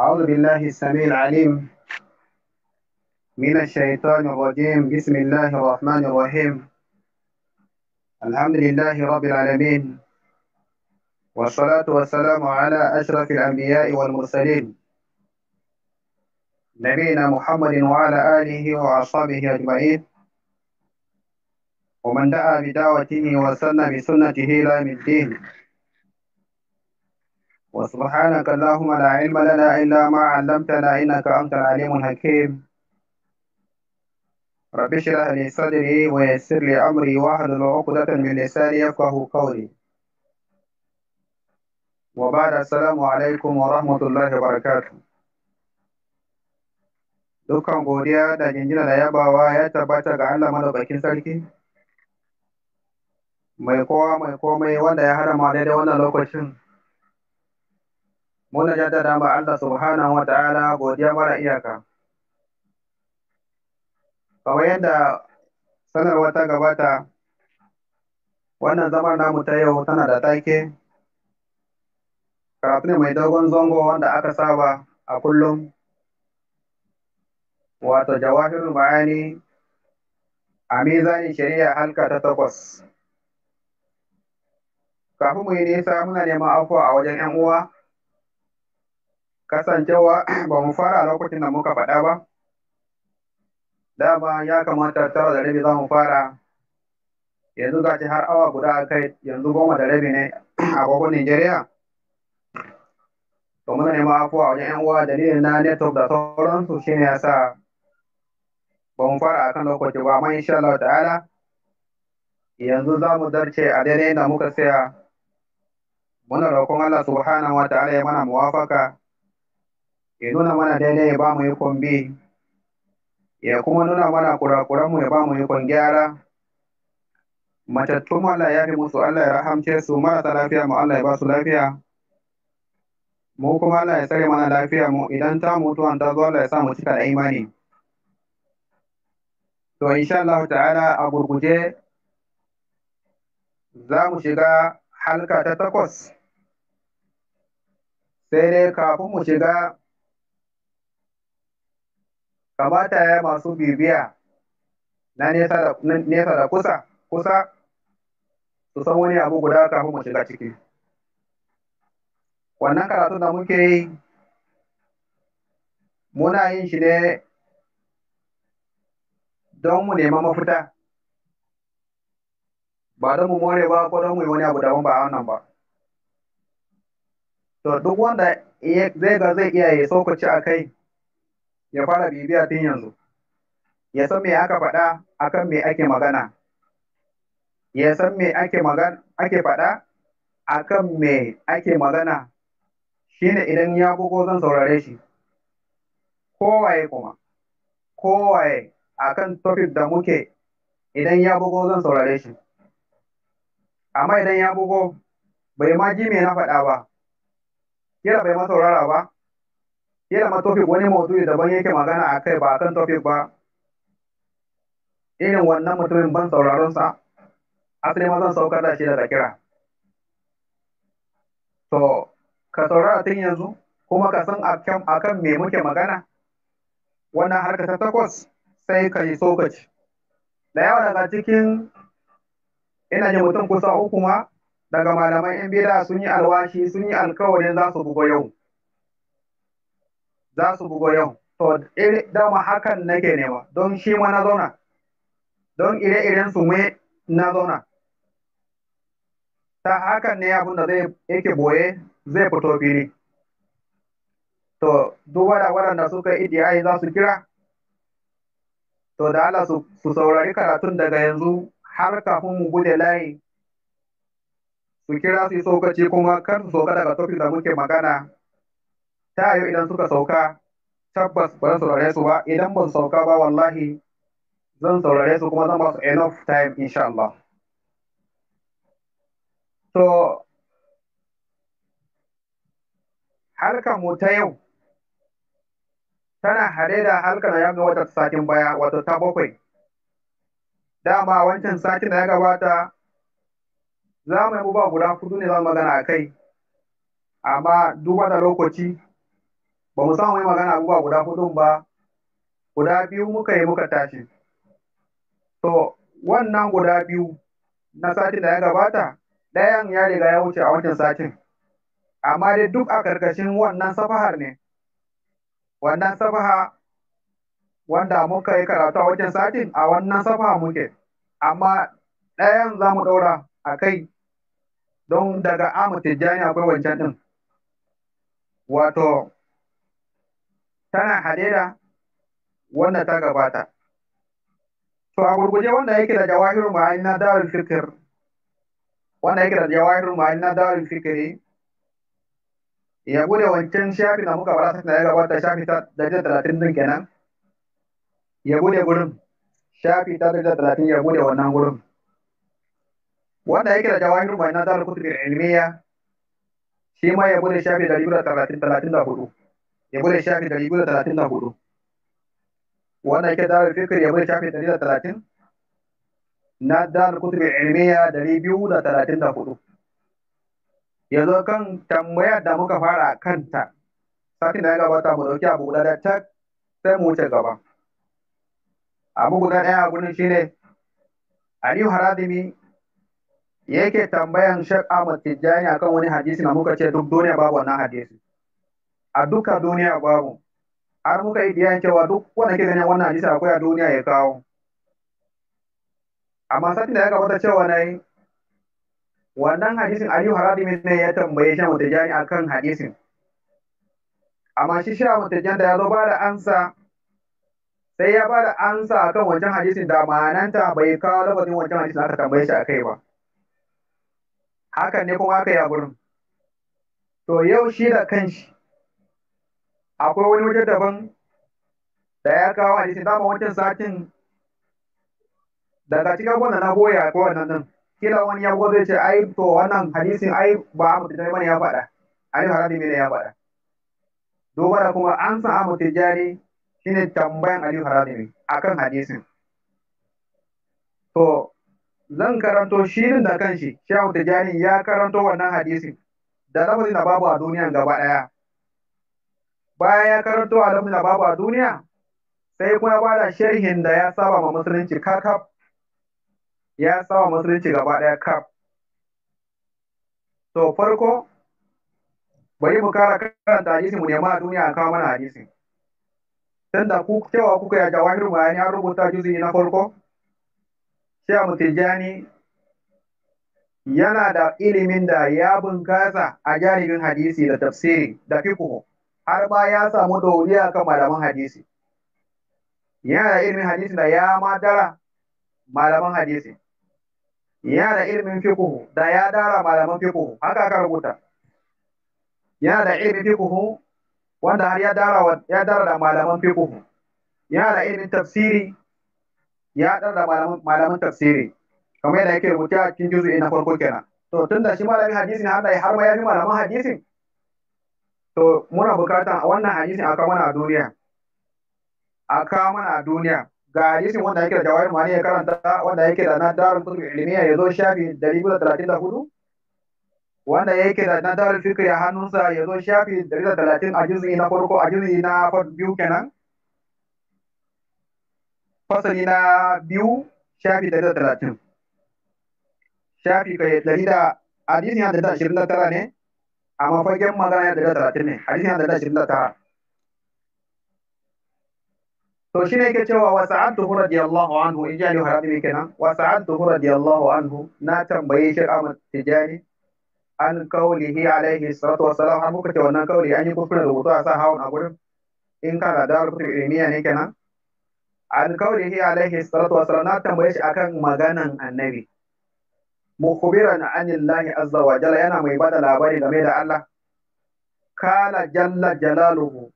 أعوذ بالله السميع العليم من الشيطان الرجيم بسم الله الرحمن الرحيم الحمد لله رب العالمين والصلاة والسلام على أشرف الأنبياء والمرسلين نبينا محمد وعلى آله وأصحابه أجمعين ومن دعا بدعوته وسن بسنته إلى الدين وسبحانك اللهم لا علم لنا إلا ما علمتنا إنك أنت العليم الحكيم رب اشرح لي صدري ويسر لي أمري واحلل عقدة من لساني يفقه قولي وبعد السلام alaikum wa rahmatullahi wa Dukkan godiya da jinjina da yabawa ya tabbata ga Allah madaukakin sarki, mai kowa mai komai wanda ya hada ma daidai wannan lokacin muna da ma Allah subhanahu wa ta'ala godiya mara iyaka. Kamar yadda sanarwa ta gabata, wannan zaman namu ta yau tana da take, karatu ne mai dogon zango wanda aka saba a kullum, wato jawahirin bayani a mizanin shari'a halka ta takwas. Kafin mu yi nisa muna neman afuwa a wajen 'yan uwa. kasancewa ba mu fara lokacin da muka faɗa ba dama ya kamata tara da rabi za mu fara yanzu gashi har awa guda a kai yanzu goma da rabi ne a gwagwar Nijeriya. To muna neman afuwa wajen yan uwa dalilin na network da sauransu shine ya sa ba mu fara a kan lokaci ba amma insha Allah ta'ala yanzu za mu zarce a daidai da muka saya muna roƙon Allah subhanahu wa ta'ala ya mana muwafaka ya nuna mana daidai ya ba mu ikon bi ya kuma nuna mana kurakuranmu ya ba mu ikon gyara matattun Allah ya fi musu Allah ya rahamce su marasa lafiya mu Allah ya ba su lafiya mu kuma Allah ya tsare mana lafiya mu idan ta mutu an ta zo Allah ya sa mu cika da imani to insha Allah ta'ala a gurguje za mu shiga halka ta takwas sai dai kafin mu shiga kamata ya masu bibiya na nesa da kusa kusa su san wani abu guda kafin mu shiga ciki wannan karatu da muke yi muna yin shi ne don mu nema mafita ba don mu more ba ko don mu yi wani abu daban ba a wannan ba to duk wanda zai ga zai iya yi sokaci a kai ya fara bibiya tun yanzu ya san me aka faɗa akan me ake magana ya san me ake magana ake faɗa akan me ake magana shine idan ya bugo zan saurare shi kowaye kuma kowaye akan topic da muke idan ya bugo zan saurare shi amma idan ya bugo bai ma ji me na faɗa ba kira bai ma saurara ba kila ma topic wani maudu'i daban yake magana a kai ba kan topic ba irin wannan mutumin ban sauraron sa asali ma zan saukar da shi da kira to ka saurara tun yanzu kuma ka san a akan me muke magana wannan harka ta takwas sai ka yi sokaci da yawa daga cikin ina ji mutum kusa uku ma daga malaman yan bida sun yi alwashi sun yi alkawarin za su bugo yau za su bugo yau to dama hakan nake nema don shi ma na zauna don ire-iren su mai na zauna ta hakan ne abin da zai yake boye zai fito fili to duk da waɗanda suka yi idiyayi za su kira to da Allah su saurari karatun daga yanzu har kafin mu bude layi su kira su yi saukaci kuma kar su sauka daga tofi da muke magana ta yau idan suka sauka tabbas ba zan saurare su ba idan ban sauka ba wallahi zan saurare su kuma zan ba su enough time insha Allah So, harkar mu ta yau tana hare da harkar da ya ga wata satin baya wato ta bakwai dama wancan satin da ya gabata za mu yi ba guda hudu ne za mu magana a kai amma duk da lokaci ba mu samu yi magana abubuwa guda hudu ba guda biyu muka yi muka tashi to wannan guda biyu na satin da ya gabata ɗayan ya riga ya wuce a wancan satin amma dai duk a karkashin wannan safahar ne wannan safaha wanda muka yi karatu a wancan satin a wannan safaha muke amma ɗayan za mu ɗaura a kai don daga amu tijjani akwai wancan ɗin wato tana haɗe da wanda ta gabata to a gurguje wanda yake da jawahirul ma'ayin na dawar fikir, wanda yake da jawahirul ma'ayin na dawar fikiri, ya bude wancan shafi na muka bara sai ya gabata shafi ta da talatin din kenan ya bude gurin shafi ta da talatin ya bude wannan gurin wanda yake da jawahirul ma'ayin na dawar kutubul ilmiya shi ma ya bude shafi da talatin talatin da hudu ya bude shafi dari biyu da talatin da hudu wannan ke darar fikir ya bude shafi dari da talatin na darar kutub ilmiya dari biyu da talatin da hudu yanzu kan tambayar da muka fara kanta satin da ya gabata mu dauki abu guda da tak sai mu wuce gaba abu guda ɗaya a shi shine Aliyu Haradimi yake tambayan Sheikh Ahmad Tijjani akan wani hadisi na muka ce duk duniya babu wannan hadisi a duka duniya babu an muka yi biyan cewa duk wanda ke ganin wannan hadisi akwai a duniya ya kawo amma satin da ya gabata cewa na yi wannan hadisin aliyu haradimi ne ya tambaye shan mutajani a kan hadisin amma shi shan mutajan da ya zo ba da ansa sai ya ba da ansa a kan wancan hadisin da ma'ananta bai kawo lafazin wancan hadisin aka tambaye shi a kai ba hakan ne kuma aka yi a gurin to yau shi da kanshi akwai wani waje daban da ya kawo a jikin dama wancan satin daga cikin abubuwan na goya ko wannan nan kila wani ya zai ce ai to wannan hadisin ai ba a mutu bane ya faɗa yi haramun ne ya faɗa dogara kuma an san jari shi ne tambayan Aliyu a kan hadisin to zan karanto shirin da kanshi Shehu jari ya karanto wannan hadisin da lafazin da babu a duniyan gaba ɗaya bayan ya karanto a da babu a duniya sai kuma ya bada sharhin da ya saba ma musulunci kakaf ya saba musulunci gaba ɗaya kaf to farko bari mu kara karanta hadisi mu nema a duniya a kawo mana hadisi tunda ku cewa kuka ya jawahir bayani an rubuta juzi na farko Shehu mutijani yana da ilimin da ya bunkasa a jaribin hadisi da tafsiri da fiqh har ba ya samu dauriya kan malaman hadisi yana da ilimin hadisi da ya madara malaman hadisi yana da ilimin fiqh da ya dara malaman fiqh haka aka rubuta yana da ilimin fiqh wanda har ya dara ya dara da malaman fiqh yana da ilimin tafsiri ya dara da malaman malaman tafsiri kamar yadda yake rubuta cikin juzu'i na farko kenan to tunda shi malamin hadisi har da har ma ya fi malaman hadisin to muna bukata wannan hadisin aka mana a duniya aka mana a duniya ga hadisin wanda yake da jawahir mani ya karanta wanda yake da na darul kutub ya zo shafi dari da talatin hudu? wanda yake da na fikir ya hannunsa ya zo shafi dari talatin a juzi na farko a juzi na biyu kenan fasali na biyu shafi dari talatin. shafi kai 100 hadisin tara ne a mafagen magana ya da talatin ne hadisi yana da shirin da tara to shine yake cewa wa sa'adtu radiyallahu anhu in jani ne kenan wa sa'adtu radiyallahu anhu na tambaye shi Ahmad Tijani an kaulihi alaihi salatu wa salam har muka ce wannan kauli an yi kuskure rubutu a sa hawan a gurin in ka da rubutun ilmiya ne kenan an kaulihi alaihi salatu wa salam na tambaye shi akan maganan annabi mukhbiran anillahi azza wa jalla yana mai bada labari game da Allah kala jalla jalaluhu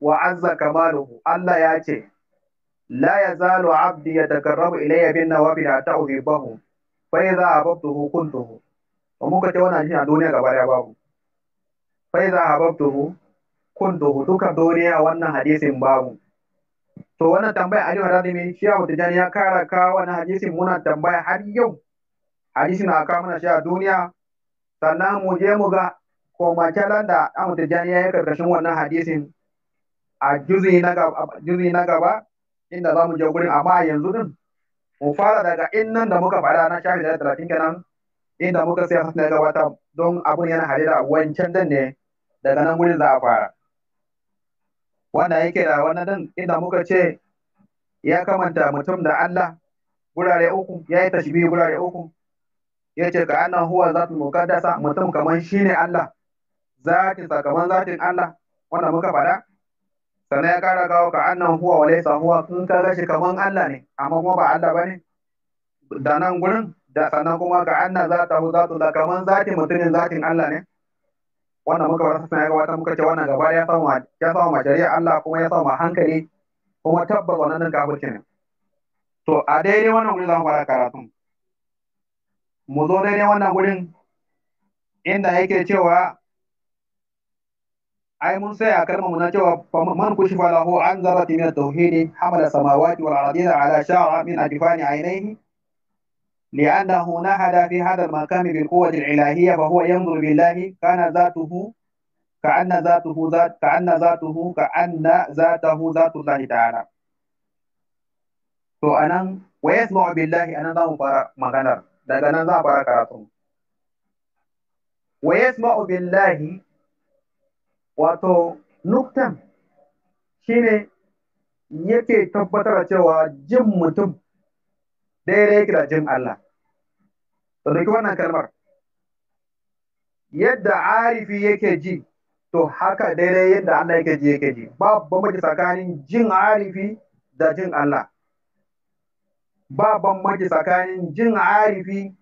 wa azza kamaluhu Allah ya ce la yazalu abdi yatakarrabu ilayya bin nawafi hatta uhibbahu fa idza ahbabtuhu kuntuhu wa muka ce wannan shi a duniya gaba daya babu fa idza ahbabtuhu kuntuhu duka duniya wannan hadisin babu to wannan tambaya Ali Radimi shi Abu Tijani ya kara kawo wannan hadisin muna tambaya har yau hadisi na kama na shi a duniya sannan mu je mu ga komakelan da Ahmad Tijjani ya yi karkashin wannan hadisin a juzi na gaba juzi na gaba inda za mu je gurin amma yanzu din mu fara daga innan da muka faɗa na shafi da talatin kenan inda muka sai hasan gaba ta, don abun yana hade da wancan din ne daga nan gurin za a fara wanda yake da wannan din inda muka ce ya kamanta mutum da Allah gurare uku ya yi tashbihi gurare uku Ya ce ka anna huwa za zatul muqaddasa mutum kaman shine Allah zatin sa kaman zatin Allah wanda muka faɗa sannan ya kara kawo ka annan huwa wa laysa huwa kun ka gashi kaman Allah ne amma kuma ba Allah bane da nan gurin da sannan kuma ka anna zata hu zatu da kaman zatin mutumin zatin Allah ne wannan muka faɗa sannan ya ga wata muka ce wannan gaba ya sa ya ma majariya Allah kuma ya sa ma hankali kuma tabbas wannan din kafirci ne to a daidai wannan wuri za mu fara karatun mu zo dai-dai wannan gurin inda yake cewa ai mun sai a kalmar mu na cewa man ku shi lahu an zaba zara timin tauhidi hamala samawati wal ardi ala sha'a min adifani ainihi li anna huna hada fi hada makami bil quwwati 'yan ilahiyya Lahi, ka yanzuru za kana hu, ka za zatuhu hu, ka anna zatuhu ka za zatuhu zatu ta ana. to anan wa yasma'u billahi anan mu fara maganar daga nan za a fara karatu wa yasma'u billahi wato nuktan shine yake tabbatar cewa jin mutum daidai yake da jin Allah rike wannan kalmar yadda arifi yake ji to haka daidai yadda Allah yake ji yake ji babu bambanci tsakanin jin arifi da jin Allah ba bambanci tsakanin jin arifi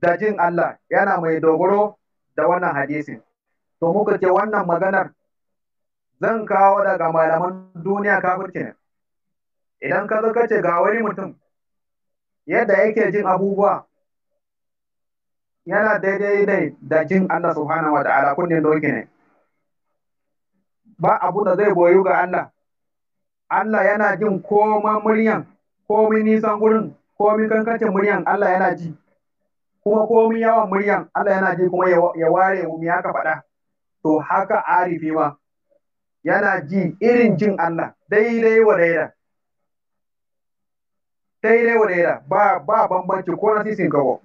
da jin Allah yana mai dogaro da wannan hadisin to muka ce wannan maganar zan kawo daga malaman duniya kafirci ne idan ka zo ce ga wani mutum yadda yake jin abubuwa yana daidai dai da jin Allah subhanahu wa ta'ala doki ne ba abu da zai boyu ga Allah Allah yana jin koma muryan komi nisan gurin komi kankancin muryan Allah yana ji kuma komi yawan muryan Allah yana ji kuma ya ware mu ya ka faɗa to haka arifi ma yana ji irin jin Allah daidai wa daida daidai wa daida ba ba bambanci ko na sisin kawo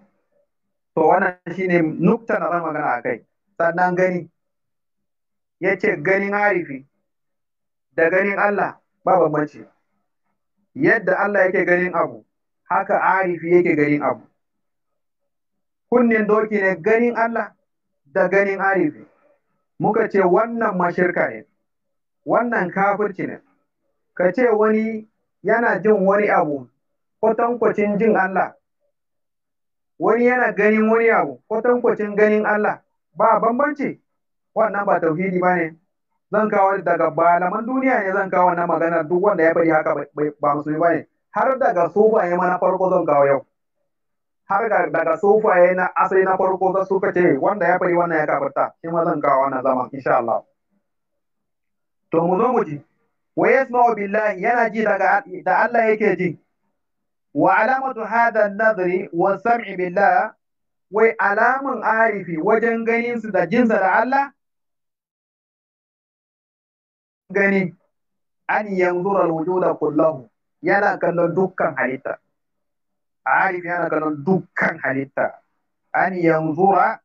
to wannan shine nukta na zan magana akai sannan gani yace ganin arifi da ganin Allah ba bambanci yadda Allah yake ganin abu haka arifi yake ganin abu kunnen doki ne ganin Allah da ganin arifi muka ce wannan mashirka ne wannan kafirci ne ka ce wani yana jin wani abu kwatankwacin jin Allah wani yana ganin wani abu kwatankwacin ganin Allah ba bambanci wannan ba tauhidi ba ne zan kawo daga malaman duniya ne zan kawo na magana duk wanda ya bari haka ba musulmi ba ne har daga sofaye ma na farko zan kawo yau har daga sofaye na asali na farko za suka ce wanda ya bari wannan ya kafarta shi ma zan kawo wannan zaman insha Allah to mu zo mu ji wa yasma'u billahi yana ji daga da Allah yake ji wa alamatu hadha an-nadri wa sam'i billah wai alaman arifi wajen ganin su da jinsa da Allah gani an yanzura al-wujuda kullahu yana kallon dukkan halitta arif yana kallon dukkan halitta an yanzura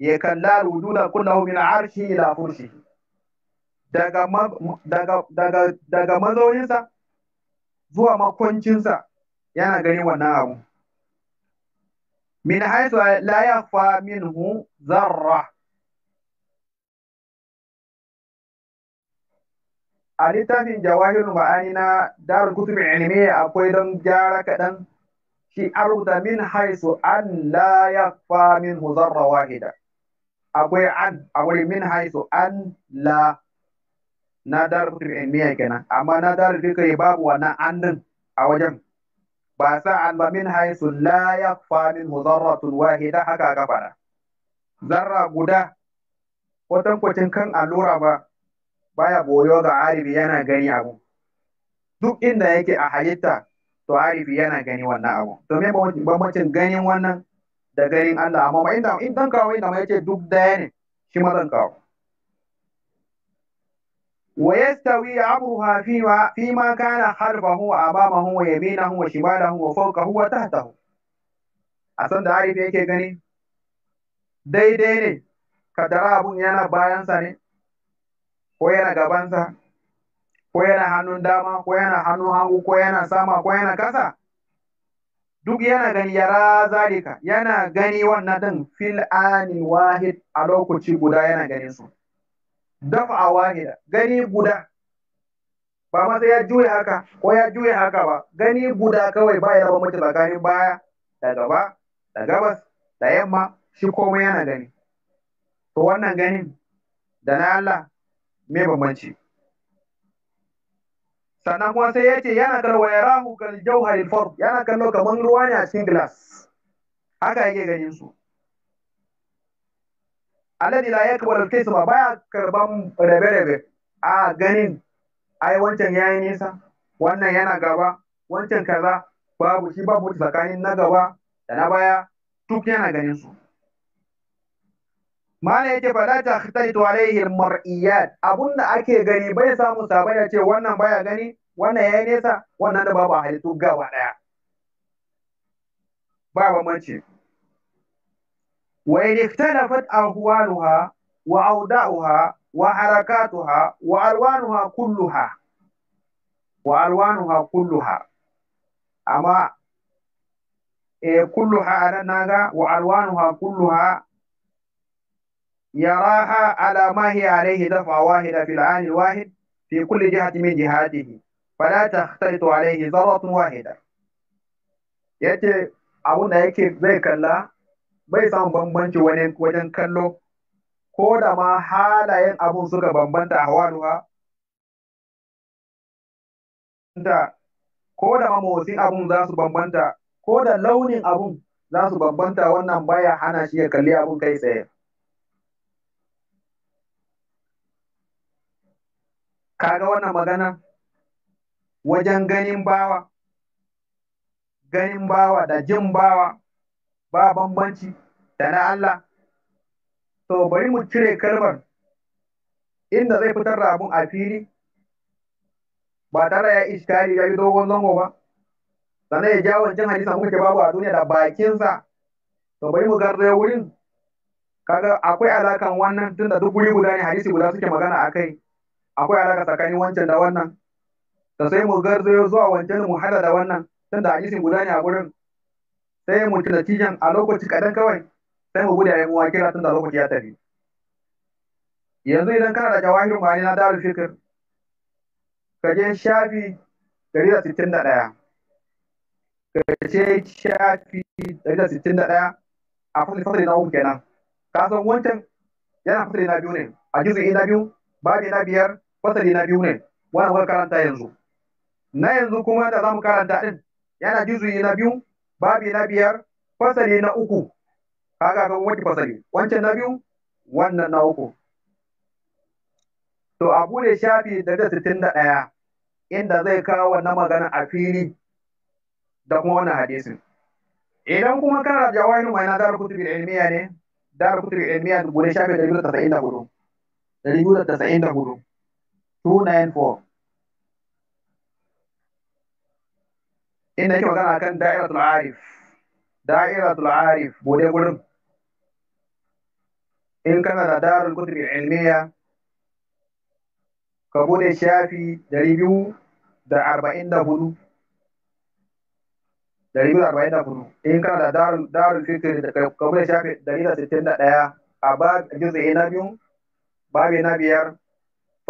ya kalla al-wujuda kullahu min arshi ila furshi daga daga daga daga mazauninsa zuwa makwancinsa yana ganin wannan abu min haythu la yakhfa minhu zarra a littafin jawahirul ma'ani na darul kutub ilmiya akwai don gyara kaɗan shi an rubuta min haisu an la fa min zarra wahida akwai an akwai min haisu an la na dar kutub ilmiya kenan amma na duka fikri babu wannan an din a wajen ba sa an ba min haisu la fa min zarratun wahida haka aka fara zarra guda kwatankwacin kan allura ba baya boyo ga arifi yana gani abu duk inda yake a halitta to arifi yana gani wannan abu to me bambancin ganin wannan da ganin Allah amma ma inda in dan kawo inda mai ce duk daya ne shi ma zan kawo wa yastawi amruha fi ma fi ma kana harbahu wa amamahu wa yaminahu wa shimalahu wa fawqahu wa tahtahu a san da arifi yake gani daidai ne kadara abun yana bayansa ne ko yana gabansa ko yana hannun dama ko yana hannun hagu ko yana sama ko yana kasa duk yana gani yara zalika yana gani wannan din fil ani wahid a lokaci guda yana ganin su dafa wahida gani guda ba masa ya juya haka ko ya juya haka ba gani guda kawai ba ya raba mutu tsakanin baya da gaba da gabas da yamma shi komai yana gani to wannan ganin da na Allah me bambanci sannan kuma sai ya ce yana karwa ya rahu kan jauharil fard yana kallo kamar ruwa ne a cikin glass haka yake ganin su alladhi la yakbar al-qism baya karban rabe-rabe a ganin ai wancan yayi nisa wannan yana gaba wancan kaza babu shi babu tsakanin na gaba da na baya duk yana ganin su Mana yace fa la takhtalitu alaihi mar'iyat abunda ake gani bai samu sabai ya ce wannan baya gani wannan yayi nesa wannan da babu halittu gaba daya. Ba bambanci. Wa in ikhtalafat ahwaluha wa awda'uha wa harakatuha wa alwanuha kulluha wa alwanuha kulluha amma eh kulluha anan naga wa alwanuha kulluha يراها على ما هي عليه دفعة واحدة في العام الواحد في كل جهة من جهاته فلا تختلط عليه ذرة واحدة yace abun da yake zai kalla bai samu bambanci wani wajen kallo ko da ma halayen abun suka bambanta a hawaluwa da ko da ma motsin abun za su bambanta ko da launin abun za su bambanta wannan baya hana shi ya kalli abun kai tsaye kaga wannan magana wajen ganin bawa ganin bawa da jin bawa ba bambanci da na Allah to bari mu cire kalmar inda zai fitar da abun a fili ba tare ya iskari ya yi dogon zango ba sannan ya jawo wancan hadisan muka babu a duniya da bakinsa to bari mu garzaya wurin kaga akwai alakan wannan tunda duk guri guda ne hadisi guda suke magana akai kai akwai alaka tsakanin wancan da wannan da sai mu garzayo zuwa wancan mu hada da wannan tun da hadisin guda ne a gurin sai mu tuna tijan a lokaci kadan kawai sai mu gudu a yan uwa kira tun da lokaci ya tafi yanzu idan kana da jawahirin ma'ani na daru fikir ka je shafi ɗaya ka je shafi ɗaya a fasali na uku kenan ka san wancan yana fasali na biyu ne a juzu na biyu babi na biyar fasali na biyu ne wannan wani karanta yanzu na yanzu kuma da zamu karanta din yana juzuyi na biyu babi na biyar fasali na uku kaga ga wani fasali wancan na biyu wannan na uku to abu ne shafi da sittin da ɗaya inda zai kawo wannan magana a fili da kuma wannan hadisin idan kuma kana jawahir mai na daru kutubin ilmiya ne dar kutubin ilmiya gure shafi da biyu da tasa'in da hudu da biyu da tasa'in da hudu 294 inda yake magana kan da'iratul arif da'iratul arif bude gurin in kana da darul kutub ilmiya ka bude shafi 244 244 in kana da darul darul fikr ka bude shafi 161 a ba juz'i na biyu babi na biyar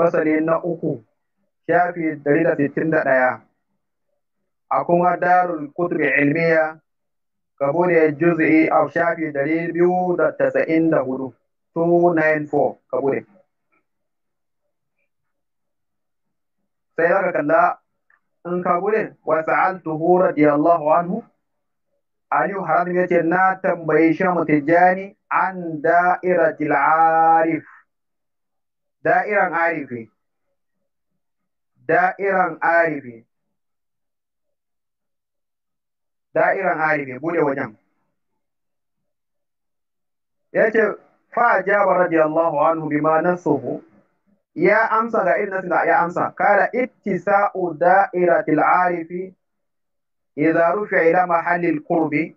fasali na uku shafi dari da sittin da ɗaya a kuma darul kutubi ilmiya gabo da juz'i a shafi dari biyu da tasa'in da hudu 294 gabo da sai aka kalla in ka gudun wasu an tuhu radiyallahu anhu aliyu haram ya ce na tambayi shamu tijjani an da'ira arif da'iran arifi da'iran arifi da'iran arifi bude wajen ya ce fa'ajaba radiyallahu anhu bima nasuhu ya amsa ga irin da ya amsa kala ittisa'u da'iratil arifi idza rufi ila mahallil qurbi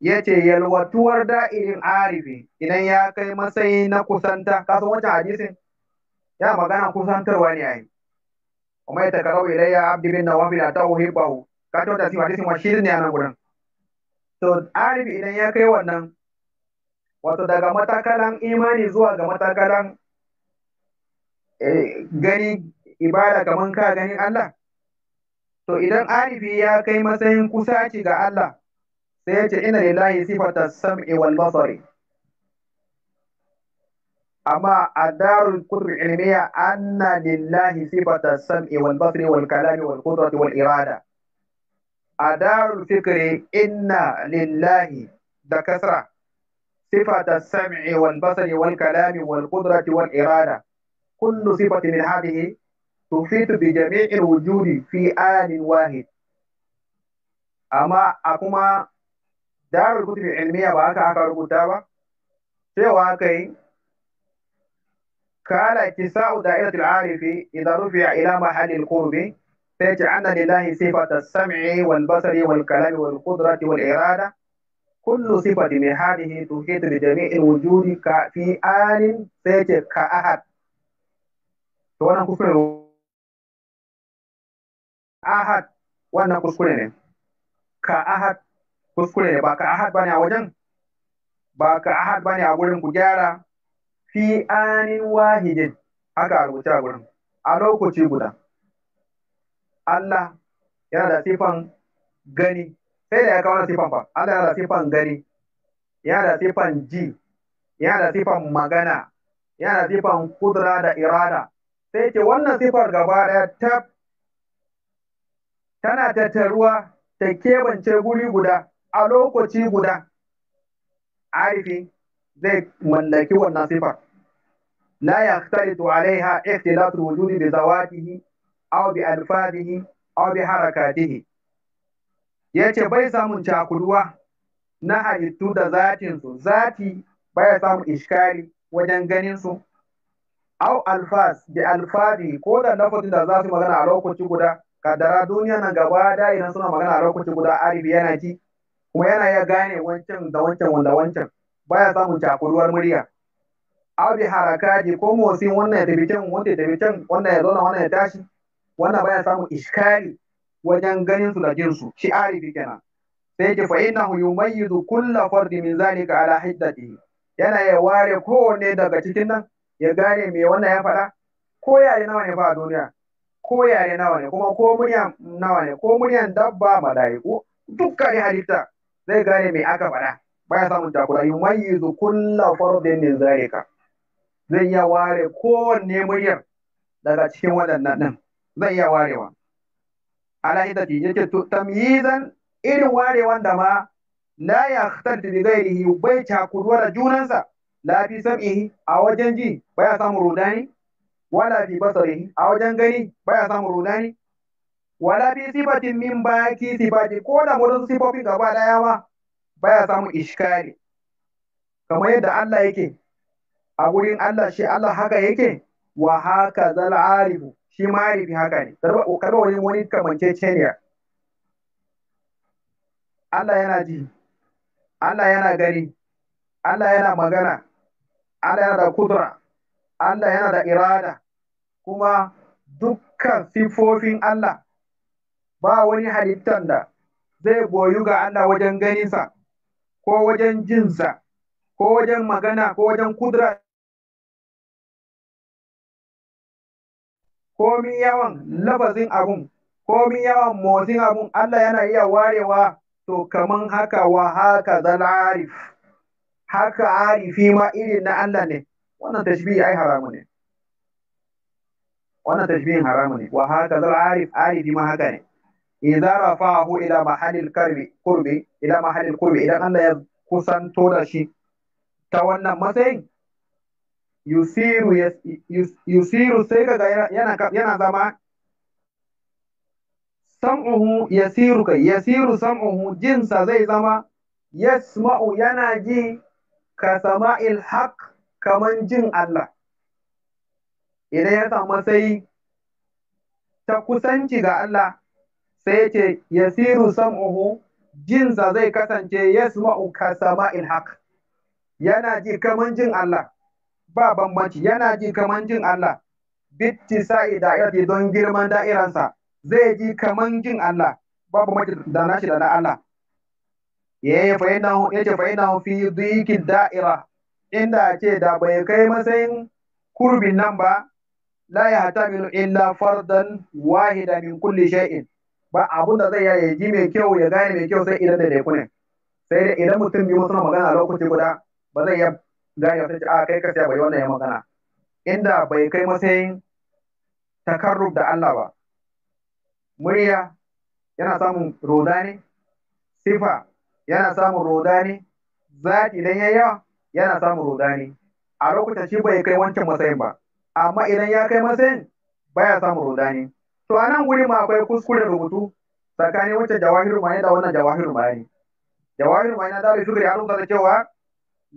ya ce yalwatuwar da'irin arifi idan ya kai matsayi na kusanta kasu wancan hadisin ya magana kusantarwa ne a yi kuma ya takarau ilayya abdi bin da ta uhibbahu ka to da hadisin wa shirin ne nan gudan. to arifi idan ya kai wannan wato daga matakalan imani zuwa ga matakalan eh, gani ibada kamar ka ganin Allah to idan arifi ya kai matsayin kusaci ga Allah sai ya ce ina lillahi sifata sam'i wal basari amma a darul ilmiya anna lillahi sifata sam'i wal basari wal kalami wal wal irada a darul fikri inna lillahi da kasra صفة السمع والبصر والكلام والقدرة والإرادة كل صفة من هذه تحيط بجميع الوجود في آن واحد a kuma dan rubutu mai ilmiya ba haka aka rubuta ba cewa kai kala kisa'u da'irati al'arifi idan a ila mahallin kurbi sai ce anna lillahi sifata sam'i wal basari wal kalami wal qudrati wal irada kullu sifati min hadhihi tuhitu bi jami'i al wujudi ka fi alin sai ce ka ahad to wannan kuskure ne ka ahad kuskure ne ba ka ahad bane a wajen ba ka ahad bane a gurin ku gyara fi anin wahidin haka a rubuce a gurin a lokaci guda Allah yana da sifan gani sai da ya kawo sifan ba Allah yana da sifan gani yana da sifan ji yana da sifan magana yana da sifan kudura da irada sai ce wannan sifar gaba daya ta tana tattaruwa ta kebance guri guda a lokaci guda arifi zai mallaki wannan sifar la yaxtalitu alaiha ikhtilatu wujudi bi zawatihi aw bi alfadihi aw bi harakatihi yace bai samun cakuruwa na halittu da zatin zati bai samun iskari wajen ganinsu su aw alfas bi alfadi ko da lafazin da za su magana a lokaci guda kadara duniya na gaba da idan suna magana a lokaci guda arifi yana ji kuma yana ya gane wancan da wancan wanda wancan baya samun cakuruwar murya abi harakaji ko motsin wannan ya tafi can wanda ya tafi can wannan ya zauna wannan ya tashi wannan baya samun iskari wajen ganin su da jin su shi bi kenan sai ki fa innahu yumayyizu kulla fardi min zalika ala hiddati yana ya ware kowanne daga cikin nan ya gane me wannan ya faɗa ko yare nawa ne fa a duniya ko yare nawa ne kuma ko muryan nawa ne ko muryan dabba mala'iku dukkan halitta zai gane me aka faɗa baya samun takura yumayyizu kulla fardin min ka. zai iya ware kowanne muryar daga cikin waɗannan ɗin zai iya warewa ala ita ce yake tamyizan irin warewan da ma la yahtar bi ghairihi bai cakuduwa da junansa Lafi sami a wajen ji baya samun rudani wala fi basarihi a wajen gani baya samun rudani wala bi sifatin min baki sifati ko da wadansu sifofi gaba daya ba baya samu iskari kamar yadda Allah yake a gurin Allah shi Allah haka yake wa haka zal arifu shi ma'arifi haka ne karba wani wani kamanceceniya Allah yana ji Allah yana gani Allah yana magana Allah yana da kudura Allah yana da irada kuma dukkan sifofin Allah ba wani halittan da zai boyu ga Allah wajen ganinsa ko wajen jinsa ko wajen magana ko wajen kudura komi yawan labazin abun komi yawan motsin abun Allah yana iya warewa to kaman haka wa haka Arif haka arifi ma irin na Allah ne wannan tashbi ai haramu ne wannan tashbihin haramu ne wa haka arif arifi ma haka ne idza rafa'ahu ila mahallil karbi qurbi ila mahallil qurbi idan Allah ya kusanto da shi ta wannan matsayin yusiru sai kaga yana zama sam'uhu yasiru kai yasiru sam'uhu jinsa zai zama yasma'u yana ji ka sama'il haq kaman jin Allah idan ya samu sai ta kusanci ga Allah sai ce yasiru sam'uhu jinsa zai kasance yasma'u kasama'il haq yana ji kaman jin Allah ba bambanci yana ji kaman jin Allah bittisa'i da'irati don girman da'iransa zai ji kaman jin Allah ba bambanci da nashi da na Allah yayi fa yana yace fa fi dhiki da'ira inda ce da bai kai matsayin kurbin nan ba la yahtamilu illa fardan wahida min kulli shay'in ba abun da zai ya ji mai kyau ya gane mai kyau sai idan da dai ne. sai dai idan mutum biyu suna magana a lokaci guda ba zai ya gane sai a ah, kai ka bai wannan ya magana inda bai kai matsayin takarrub da Allah ba murya yana samun roda ne sifa yana samun roda ne zati dan ya yana samun roda ne a lokacin shi bai kai wancan matsayin ba amma idan ya kai matsayin baya samun roda ne to a nan guri ma akwai kuskuren rubutu tsakanin wacce jawahir ma'ani da wannan jawahir ma'ani jawahir ma'ani na dalil shukri an rubuta cewa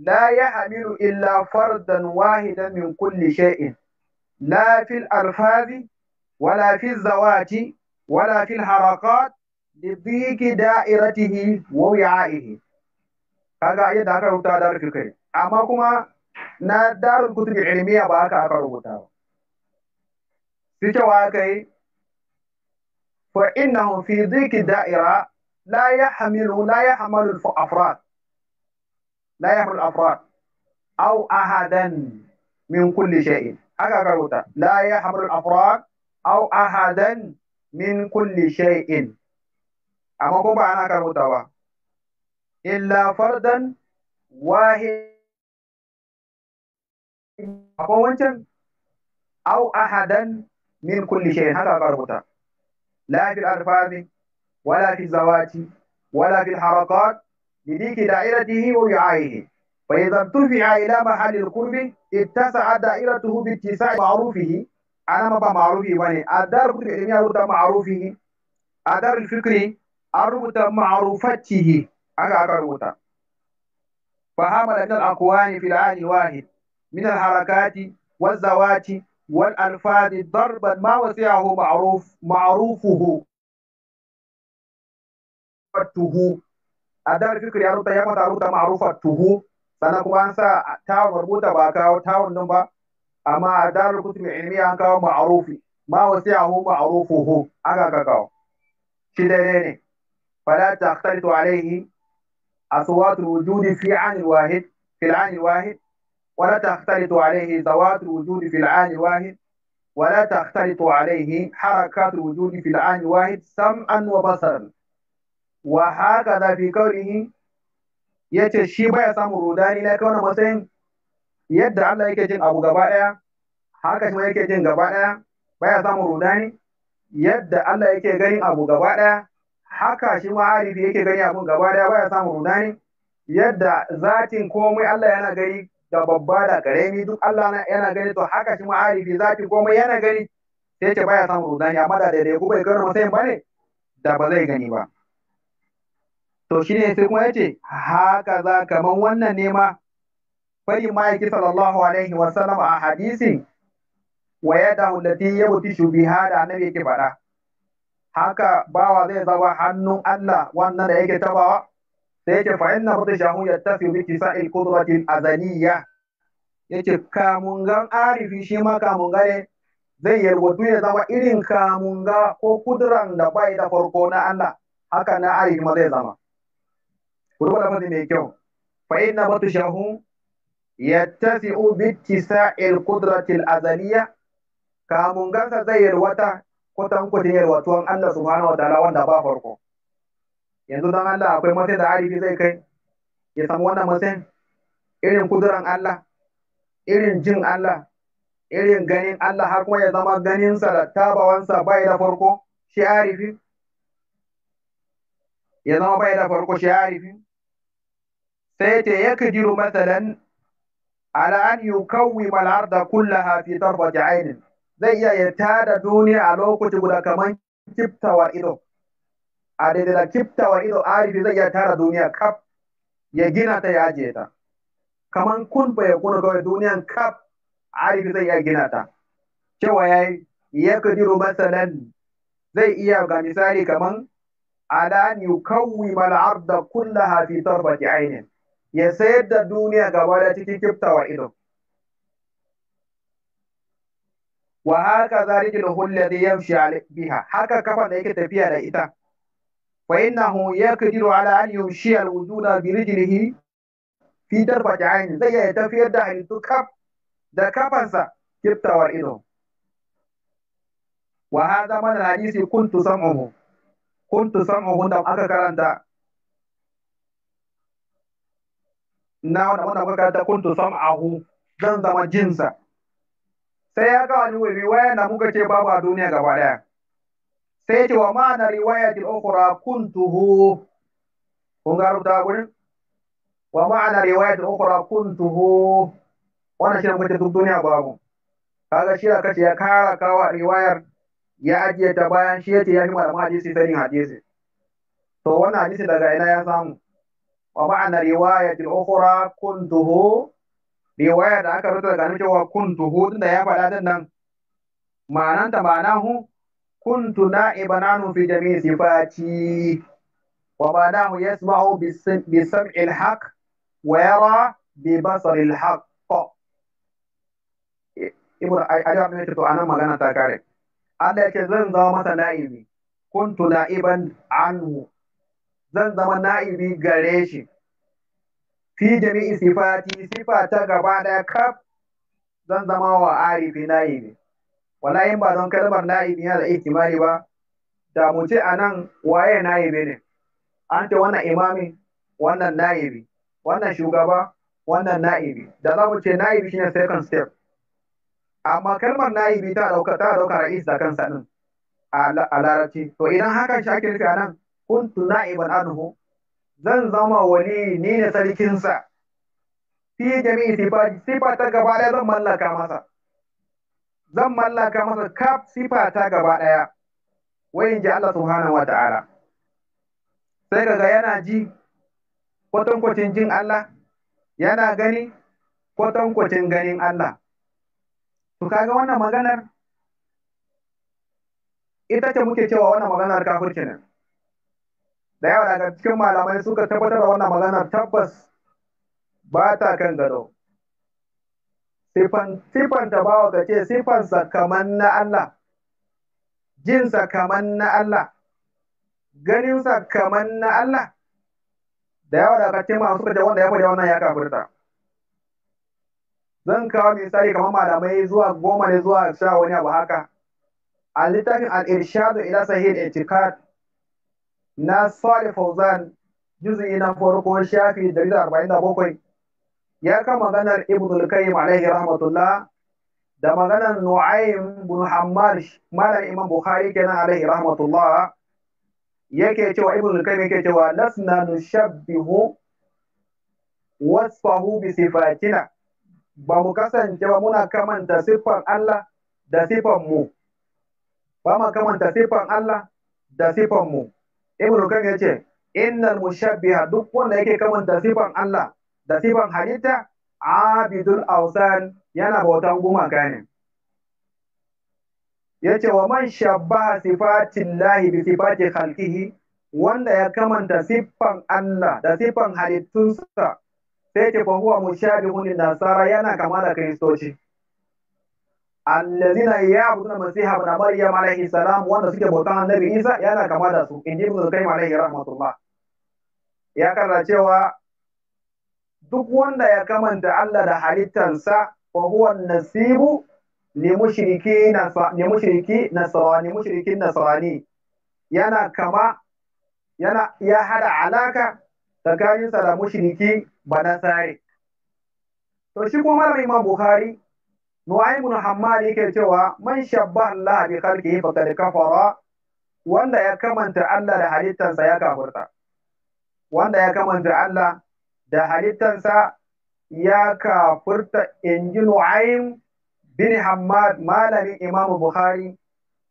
la ya'milu illa fardan wahidan min kulli shay'in la fil alfazi wala fil zawati wala fil harakat da'iratihi wa wi'aihi kaga yadda aka rubuta da kirkire amma kuma na darul kutubi ilmiya ba haka aka rubuta ba sai cewa kai فإنه في ضيق الدائرة لا يحمل لا يحمل الأفراد لا يحمل الأفراد أو أحدا من كل شيء أكاكاروتا لا يحمل الأفراد أو أحدا من كل شيء أما كوبا أنا إلا فردا واحد أو أحدا من كل شيء هكذا كاروتا لا في الألفاظ ولا في الزوات ولا في الحركات لديك دائرته ورعائه فإذا ارتفع إلى محل القرب اتسع دائرته باتساع معروفه أنا ما معروفه بني الدار العلمية رد معروفه أدار الفكري أرد معروفته أكا أكا رد فحمل من الأقوال في العين واحد من الحركات والزوات والألفاظ ضربا ما وسعه معروف معروفه tuhu a dar fikir ya rubuta ya fata rubuta ma'rufa tuhu sannan kuma an sa tawon rubuta ba kawo tawon nan ba amma a dar kutubi ilmi an kawo ma'rufi ma wasi'ahu hu, aka ka kawo shi dai ne fala taqtalitu alaihi aswatu wujudi fi an wahid fi an wahid ولا تختلط عليه ذوات الوجود في العين الواحد ولا تختلط عليه حركات الوجود في العين الواحد سمعا وبصرا وهكذا في قوله yace shi baya samun rudani na kauna matsayin yadda Allah yake jin abu gaba ɗaya, haka shi yake jin gaba daya baya samun rudani yadda Allah yake ganin abu gaba ɗaya, haka shi ma arifi yake gani abun gaba daya baya samun rudani yadda zatin komai Allah yana gani da babba da karemi duk Allah na yana gani to haka shi ma'arifi zafi komai yana gani sai ce baya samun rudani amma da daidai ku bai gano matsayin bane da ba zai gani ba to shine sai kuma ce haka za kaman wannan ne ma fari ma'aiki sallallahu alaihi wa sallam a hadisin wa yadahu lati yabtishu biha da annabi yake faɗa haka bawa zai zama hannun Allah wannan da yake tabawa sai ce fa inna batshahu yattasi bi tisa'il qudratil azaniyya yace kamungan arifi shi ma kamunga ne zai yalwatu ya zama irin kamunga ko kudran da bai da farko na Allah haka na arifi ma zai zama ku duba lafazi mai kyau fa inna batshahu yattasi'u bi tisa'il qudratil Kamun ganka zai yalwata kwatankwatin yalwatuwan Allah subhanahu wa ta'ala wanda ba farko yanzu don Allah akwai matsayin da arifi zai kai ya samu wannan matsayin irin kuduran Allah irin jin Allah irin ganin Allah har kuma ya zama ganinsa da tabawansa bai da farko shi arifi ya zama bai da farko shi arifi sai ta ya kajiru matsalan ala an yukawwima al-arda kullaha fi tarbati ainin zai iya ya tada duniya a lokaci guda kamar kiftawar ido a daidai da wa ido arifi zai iya tara duniya kaf ya gina ta ya ajiye ta Kamar kun ya kuna kawai duniyan kaf arifi zai iya gina ta cewa ya yi. ya kadiru masalan zai iya ga misali kamar ala yukawwi mal arda kullaha fi tarbati ainin ya sayar da duniya gaba da cikin kiftawa ido wa haka zalikul hulladhi yamshi biha haka kafa da yake tafiya da ita فإنه يقدر على أن يمشي الوجود برجله في دربة عين زي ya tafiyar da halittu kaf da kafansa kiftawar ido wa hadha man hadisi kuntu sam'uhu kuntu sam'uhu da aka karanta na wanda wanda aka kuntu kuntu sam'ahu zan zama jinsa sai ya ga wani riwaya da muka ce babu a duniya gaba daya sai ce wa ma'ana riwayatil ukhra kuntuhu kun ga rubuta gurin wa ma'ana riwayatil ukhra kuntuhu wannan shi muke duk duniya babu kaga shi aka ce ya kara kawa riwayar ya ajiye ta bayan shi yace ya fi malaman hadisi yin hadisi to wannan hadisi daga ina ya samu wa ma'ana riwayatil ukhra kuntuhu riwaya da aka rubuta daga nan cewa kuntuhu din da ya faɗa din nan ma'ananta ma'anahu كنت نائبا عنه في جميع صفاتي ومعناه يسمع بسمع الحق ويرى ببصر الحق ibra ai da mai to anan magana ta kare Allah yake zan zama masa na'ibi kuntu na'iban anhu zan zama na'ibi gare shi fi jami'i sifati sifa ta gaba da kaf zan zama wa arifi na'ibi wala in ba don kalmar na'ibi yana da ihtimali ba da mu ce anan waye na'ibi ne an ce wannan imami wannan na'ibi wannan shugaba wannan na'ibi da za mu ce na'ibi shine second step amma kalmar na'ibi ta dauka ta dauka ra'is da kansa din a larabci to idan hakan shi ake nufi anan kuntu na'iban anhu zan zama wani ni ne sarkinsa fi jami'i sifa ta gaba zan mallaka masa zan mallaka masa kaf sifa ta gaba ɗaya wayin ji Allah subhanahu wata'ala sai kaga yana ji kwatankwacin jin Allah yana gani kwatankwacin ganin Allah to kaga wannan maganar ita ce muke cewa wannan maganar kafirci ne da yawa daga cikin malamai suka tabbatar da wannan maganar tabbas ba ta kan gado siffanta bawa ka ce siffansa kamar na Allah, jinsa kamar na Allah, ganinsa kamar na Allah, da yawa da kacin ma su wanda ya fada wannan ya kafirta. Zan kawo misali kamar malamai zuwa goma ne zuwa sha wani abu haka. A littafin al-irshadu ila sahih al na Salih Fauzan juzu'i na farko shafi 147 ya kan maganar ibn al-qayyim alaihi rahmatullah da maganar nu'aym bin hammad malam imam bukhari kenan alaihi rahmatullah yake cewa ibn al-qayyim yake cewa lasna nushabbihu wasfahu bi sifatina ba mu kasance ba muna kamanta siffar Allah da siffar mu ba mu kamanta siffar Allah da siffar mu ibn al-qayyim yace innal mushabbiha duk wanda yake kamanta siffar Allah da sifan halitta abidul ausan yana bautan gumaka ne yace wa man shabba sifatin lahi bi sifati khalqihi wanda ya kamanta siffan Allah da siffan halittunsa sai ce fa huwa mushabihun nasara yana kama da kristoci allazina ya'buduna masiha ibn maryam alaihi salam wanda suke bautan annabi isa yana kama da su inji ibn qayyim alaihi rahmatullah ya karra duk wanda ya kamanta Allah da halittansa wa huwa nasibu li mushriki nasrani nasrani yana kama yana ya hada alaka tsakaninsa da mushriki banasari to shi kuma malamin Imam Bukhari Nu'aymun Hammad yake cewa man shabba Allah bi khalqihi faqad kafara wanda ya kamanta Allah da halittansa ya kafurta wanda ya kamanta Allah da halittansa ya kafurta inji Nu'aym bin Hammad malamin Imam Bukhari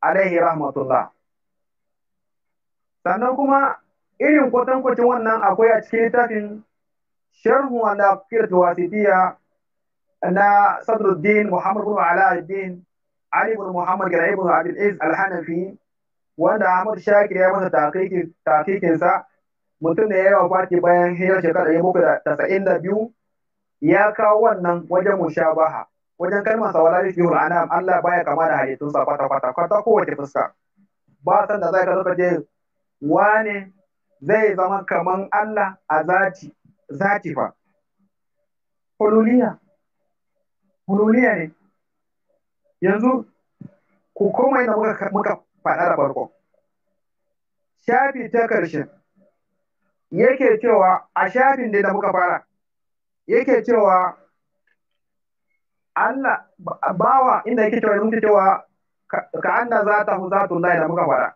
alaihi rahmatullah sannan kuma irin kwatankwacin wannan akwai a cikin littafin sharhu ala fikirat wasitiya na Sadruddin Muhammad bin Alauddin Ali bin Muhammad Gani bin Abdul Aziz Al-Hanafi wanda Ahmad Shakir ya masa takikin mutum da ya yi wafati bayan hirar shekara ɗari bakwai da tasa'in da biyu ya kawo wannan wajen baha wajen kalmar sawala da fiye anam Allah baya kama da halittunsa kwata kwata kwata kowace fuska ba san da zai ka kaje je wane zai zama kaman Allah a zati zati fa hululiya hululiya ne yanzu ku komai da muka faɗa da farko shafi ta ƙarshen yake cewa a shafin da muka fara yake cewa Allah bawa inda yake cewa muke cewa ka anna za ta hu zatu Allah da muka fara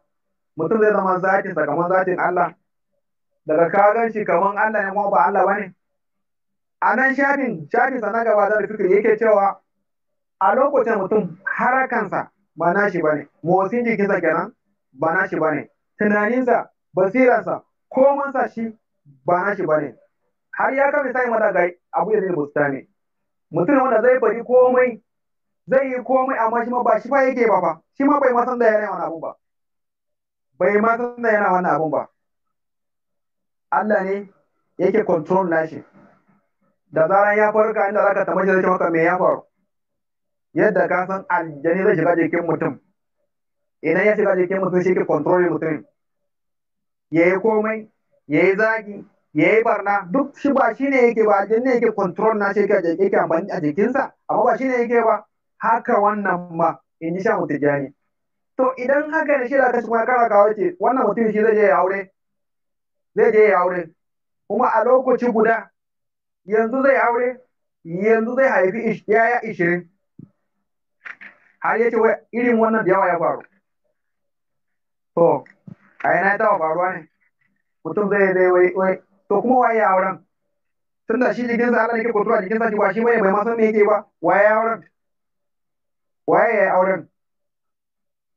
mutum zai zama zatin sa kamar zatin Allah daga ka gan shi kamar Allah ne kuma ba Allah bane a nan shafin shafin sa na gaba da fikir yake cewa a lokacin mutum harakansa ba nashi bane motsin jikinsa kenan ba nashi bane tunaninsa basiransa ko mun sa shi ba na shi bane har ya kama sai mata ga abu da bustani mutum wanda zai fari komai zai yi komai amma shi ma ba shi ba yake ba fa shi ma bai masan da yana wannan abun ba bai masan da yana wannan abun ba Allah ne yake control nashi da zaran ya farka inda zaka tambaye zai ce maka me ya faru yadda ka san aljani zai shiga jikin mutum idan ya shiga jikin mutum shi ke control mutum ya yi komai ya yi zagi ya yi barna duk shi ba shi ne yake ba jini yake control na shi yake amfani a jikinsa amma ba shi ne yake ba haka wannan ma in ji shan jani to idan haka ne shi da kashi kuma kara kawo ce wannan mutum shi zai je ya aure zai je ya aure kuma a lokaci guda yanzu zai aure yanzu zai haifi yaya ishirin har ya ce irin wannan da yawa ya faru to a yana taɓa faruwa ne mutum zai zai wai wai to kuma waye auren Tunda shi jikin sa Allah yake kotura jikin sa ba shi bane bai ma san me yake ba waye auren waye auren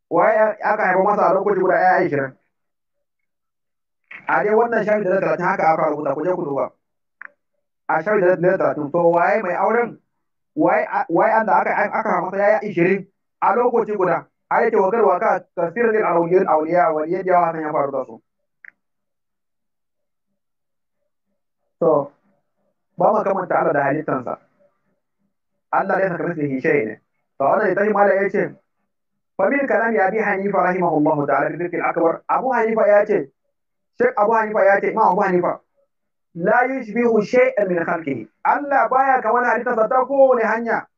waye aka haifa masa a lokaci guda ya aishirin a dai wannan shafi da zata haka aka rubuta ku je ku duba a shafi da tun to waye mai auren waye an da aka aka masa yayi 20 a lokaci guda ai ce wakar waka a auliyar auliya wani yadda yawa sun ya faru da su ba mu kamanta Allah da halittansa Allah ne sakamin sai shi ne to da tayi mala yace fa min kalam ya bi hanifa rahimahullahu ta'ala bi dhikr akbar abu hanifa yace shek abu hanifa yace ma abu hanifa la yushbihu shay'an min khalqihi Allah baya kamar halittansa ta kowane hanya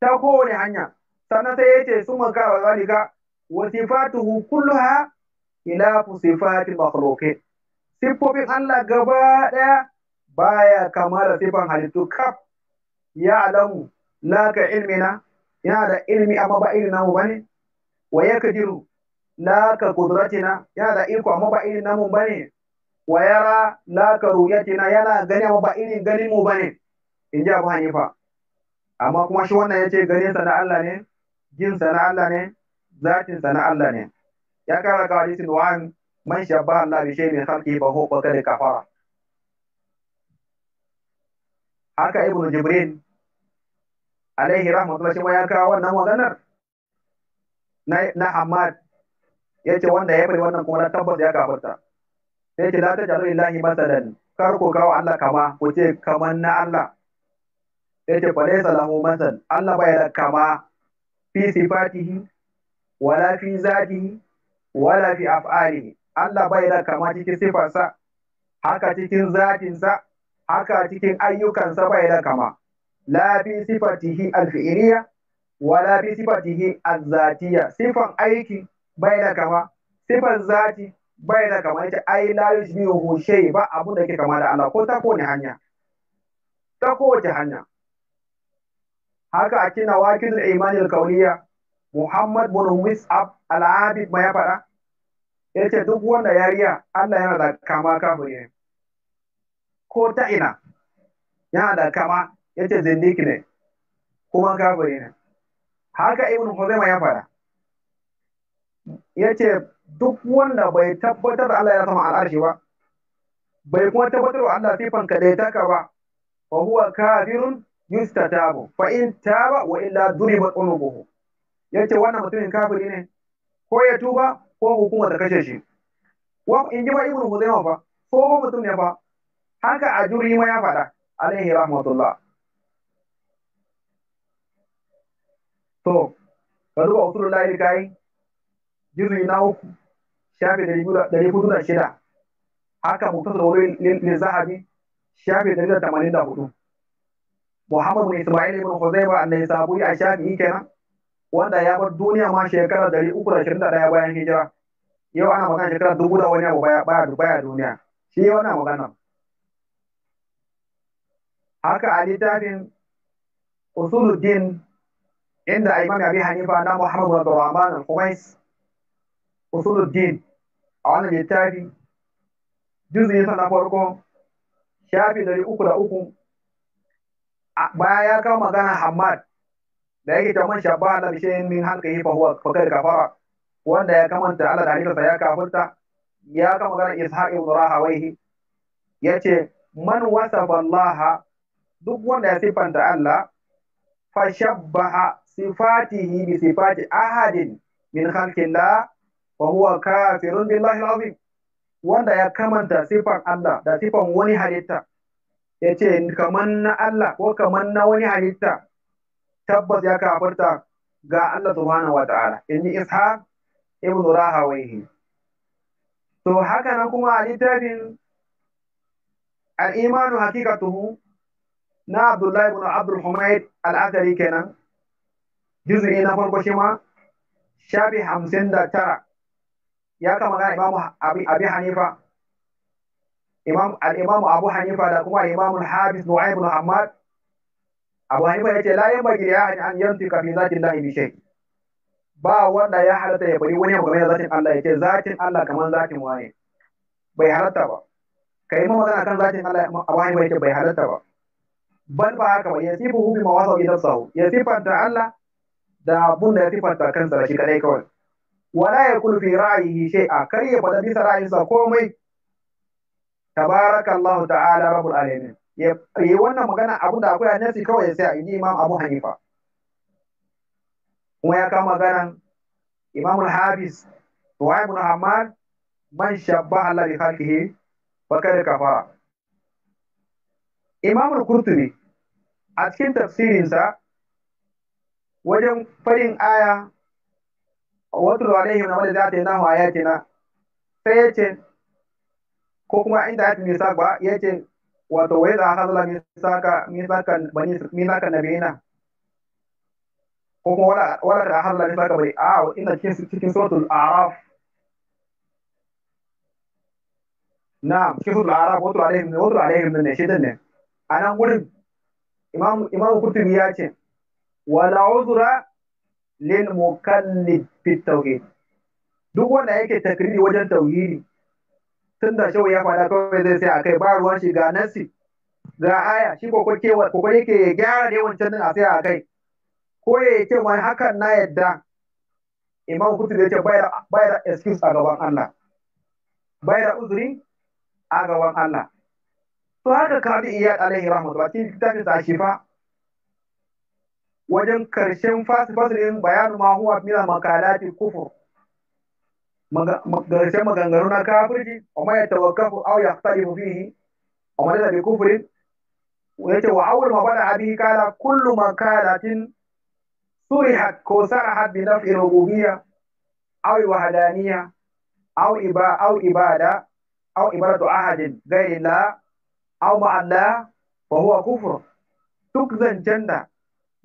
ta kowane hanya sannan sai ya ce maka wa zalika wa sifatuhu kulluha ila sifati makhluqin Sifofin Allah gaba daya baya kama da sifan halittu kaf ya alamu la ka ilmina yana da ilmi amma ba irin namu bane wa yakdiru la ka qudratina yana da iko amma ba irin namu bane wa yara la ka ruyatina yana gani amma ba irin ganin mu bane in ji Abu Hanifa amma kuma shi wannan yace ganin sa da Allah ne jin sana Allah ne zatin sana Allah ne ya kara ga hadisin wa'an man shabba Allah bi shay'in khalqi ba huwa kad kafara haka ibnu jibril alaihi rahmatullah shi ma ya kawo wannan maganar na na Ahmad yace wanda ya bari wannan kuma na tabbas ya kafarta sai ce la ta jalu lillahi masalan kar ku kawo Allah kama ku ce kaman na Allah Yace ce fa laysa lahu masal Allah bai da kama fi sifatihi wala fi zatihi wala fi af'alihi Allah bai da kama cikin sifarsa haka cikin zatinsa haka cikin ayyukansa bai da kama la fi sifatihi alfi'iliya wala fi sifatihi alzatiya. sifan aiki bai da kama sifan zati bai da kama ita ai la yushbihu shay ba abun da yake kama da Allah ko ta ne hanya ta kowace hanya haka a cikin nawakidul imani al-kauniyya Muhammad bin Mus'ab al-Abid ma ya faɗa yace duk wanda yariya Allah yana da kama kafiri ko ta ina yana da kama yace zindiki ne kuma kafiri ne haka Ibn Huzaima ya faɗa yace duk wanda bai tabbatar Allah ya sama al'arshi ba bai kuma tabbatar wa Allah sifan kadaitaka ba wa huwa kafirun yustatabu fa in taba wa illa duriba unubuhu yace wannan mutumin kafiri ne ko ya tuba ko hukuma ta kashe shi wa in ji ba ibnu hudayma fa ko mutum ne fa haka a juri ma ya fada alaihi rahmatullah to ka duba usulullahi kai juri na uku shafi da ribu da shida haka muktasar wani zahabi shafi da tamanin da hudu Muhammad bin Isma'il ibn Khuzaiba annai sabuyi a shafii kenan wanda ya bar duniya ma shekara 321 bayan hijira yau ana magana shekara dubu da wani abu baya baya duniya shi wannan magana haka a littafin usuluddin inda imam abi hanifa na muhammad bin abdurrahman al-khumais usuluddin a wannan littafi juzuyin sa na farko shafi dari uku da uku baya ya kama magana Hamad da yake ta man shabba da bishayin min hanka yi fahuwa fakar kafara wanda ya kamanta Allah da hadisinsa ya kafarta ya kama magana Ishaq ibn Rahawaihi yace man wasaba Allah duk wanda ya sifanta Allah fa shabbaha sifatihi bi sifati ahadin min khalqilla wa huwa kafirun billahi al wanda ya kamanta sifan Allah da sifan wani halitta ya ce kaman na Allah ko kaman na wani halitta tabbas ya kafarta ga Allah subhanahu wa ta'ala in ji ishaq ibn rahawaihi to haka nan kuma a littafin al-imanu haqiqatuhu na Abdullahi ibn Abdul Humayd al-Athari kenan juz'i na farko shi ma shafi hamsin da tara ya kama ga Imam Abi Hanifa imam al-imam Abu Hanifa da kuma imam al-Hafiz Nu'aym ibn Ahmad Abu Hanifa yace la yanbaghi li ahadin an yantika bi zati Allah bi shay ba wanda ya halatta ya bari wani abu game da zatin Allah yace zatin Allah kaman zatin waye bai halatta ba kai ma magana kan zatin Allah Abu Hanifa yace bai halatta ba bal ba haka ba yasifuhu bi mawasa bi nafsihi yasifanta Allah da abun da ya sifanta kansa da shi kadai kawai wala yakulu fi ra'yihi shay'a kar ya fada bisa ra'ayinsa komai tabarakallahu ta'ala rabbul alamin yi wannan magana abunda da akwai nasi kawai ya sai inji imam abu hanifa kuma ya kama maganan imam al-habis tuwai ibn hamad man shabba Allah bi khalqihi wa kada kafara imam al-qurtubi a cikin tafsirinsa wajen farin aya wa alaihim na wa ma'a zati yi nahu ayatina sai ya ce ko kuma inda aka sa ba ya ce wato wai za hazla misaka misaka bani misaka nabiyina ko kuma wala wala da hazla misaka bai a ina cikin cikin suratul araf na cikin suratul araf wato alaihim wato alaihim ne shi ne anan gurin imam imam qurtubi ya ce wala uzra lil mukallib fit tauhid duk wanda yake takriri wajen tauhidi tun da shawai ya faɗa kawai zai sai a kai ba ruwan shiga ga nasi ga aya shi ko wa ko yake ya gyara da wancan din a sai a kai ko ya ce wani hakan na yadda imam kutu ya ce bai da excuse a gaban Allah Bai da uzuri a gaban Allah to haka kadi iyad alaihi rahmatullahi cikin littafin sa shifa wajen karshen fasifasin bayanin ma huwa min makalati kufur garshen maganganu na kafirci amma ya tawakkafu aw yaqtalifu fihi amma da bi Ya yace wa awwal ma bada abi kala kullu makalatin surihat ko sarahat bi naf'i rububiyya aw wahdaniyya aw iba aw ibada aw ibadatu ahadin ghayri la aw ma'alla fa huwa kufr duk zancen da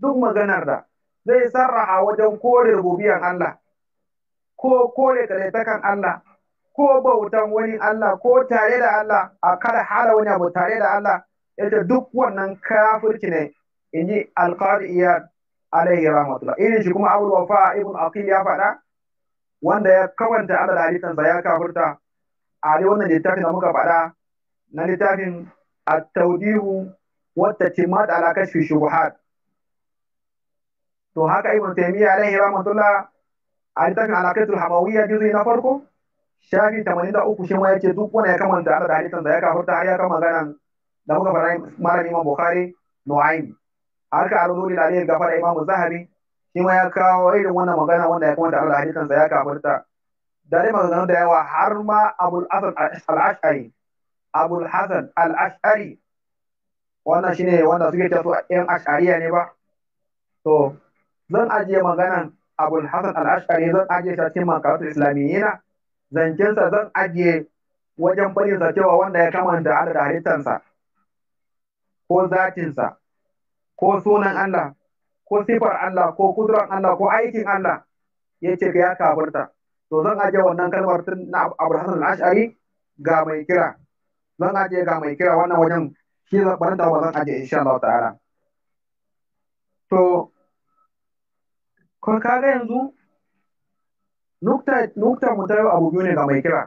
duk maganar da zai sarraha wajen kore rububiyan Allah ko kore kan Allah ko bautan wani Allah ko tare da Allah a kada hala wani abu tare da Allah ita duk wannan kafirci ne in inji alqadi iya alaihi rahmatullah irin shi kuma abul wafa ibn aqil ya faɗa wanda ya kawanta Allah da hadisan ya kafirta a dai wannan littafin da muka faɗa na littafin at-tawdihu wata timat ala shubuhat to haka ibn taymiya alaihi rahmatullah a littafin alaƙatul hamawiyya juzi na farko shafi tamanin da uku shi ma ya ce duk wanda ya kamanta ana da da ya kafarta har ya kama ganan da muka fara malam imam bukhari nu'aym har ka aluduri da alayhi gafara imam zahabi shi ma ya kawo irin wannan magana wanda ya kamanta da da hadisan da ya ta da dai maganganu da yawa har ma abul hasan al-ash'ari abul hasan al-ash'ari wannan shine wanda suke cewa yan ash'ariya ne ba to zan ajiye maganan abul hasan al-ashari zan ajiye shi a cikin makaratu islamiyina zancensa zan ajiye wajen barinsa cewa wanda ya kamanta Allah da halittansa ko zatinsa ko sunan Allah ko sifar Allah ko kudurar Allah ko aikin Allah ya ce ya kafarta. to zan ajiye wannan kalmar tun na abul hasan al-ashari ga mai kira zan ajiye ga mai kira wannan wajen shi zan barinta wa zan ajiye insha Allah ta'ala to Kuma kaga yanzu nukta nukta mu ta abu biyu ne ga mai kira.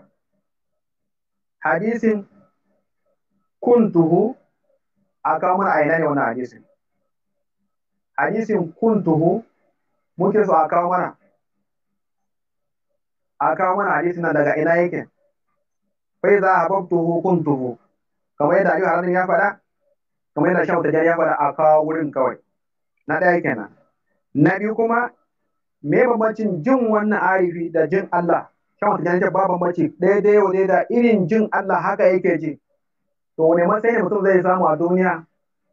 Hadisin kuntuhu a kamar a ina ne wannan hadisin. Hadisin kuntuhu muke so a kawo mana. A kawo mana hadisin nan daga ina yake. Fai za a babtuhu kuntuhu. Kamar yadda ayyuka ranar ya faɗa, kamar yadda Shahu jari ya faɗa a kawo wurin kawai. Na ɗaya kenan. Na biyu kuma me bambancin jin wannan arifi da jin Allah shan wata janace ba bambanci daidai wa daida irin jin Allah haka yake ji to wani matsayin mutum zai samu a duniya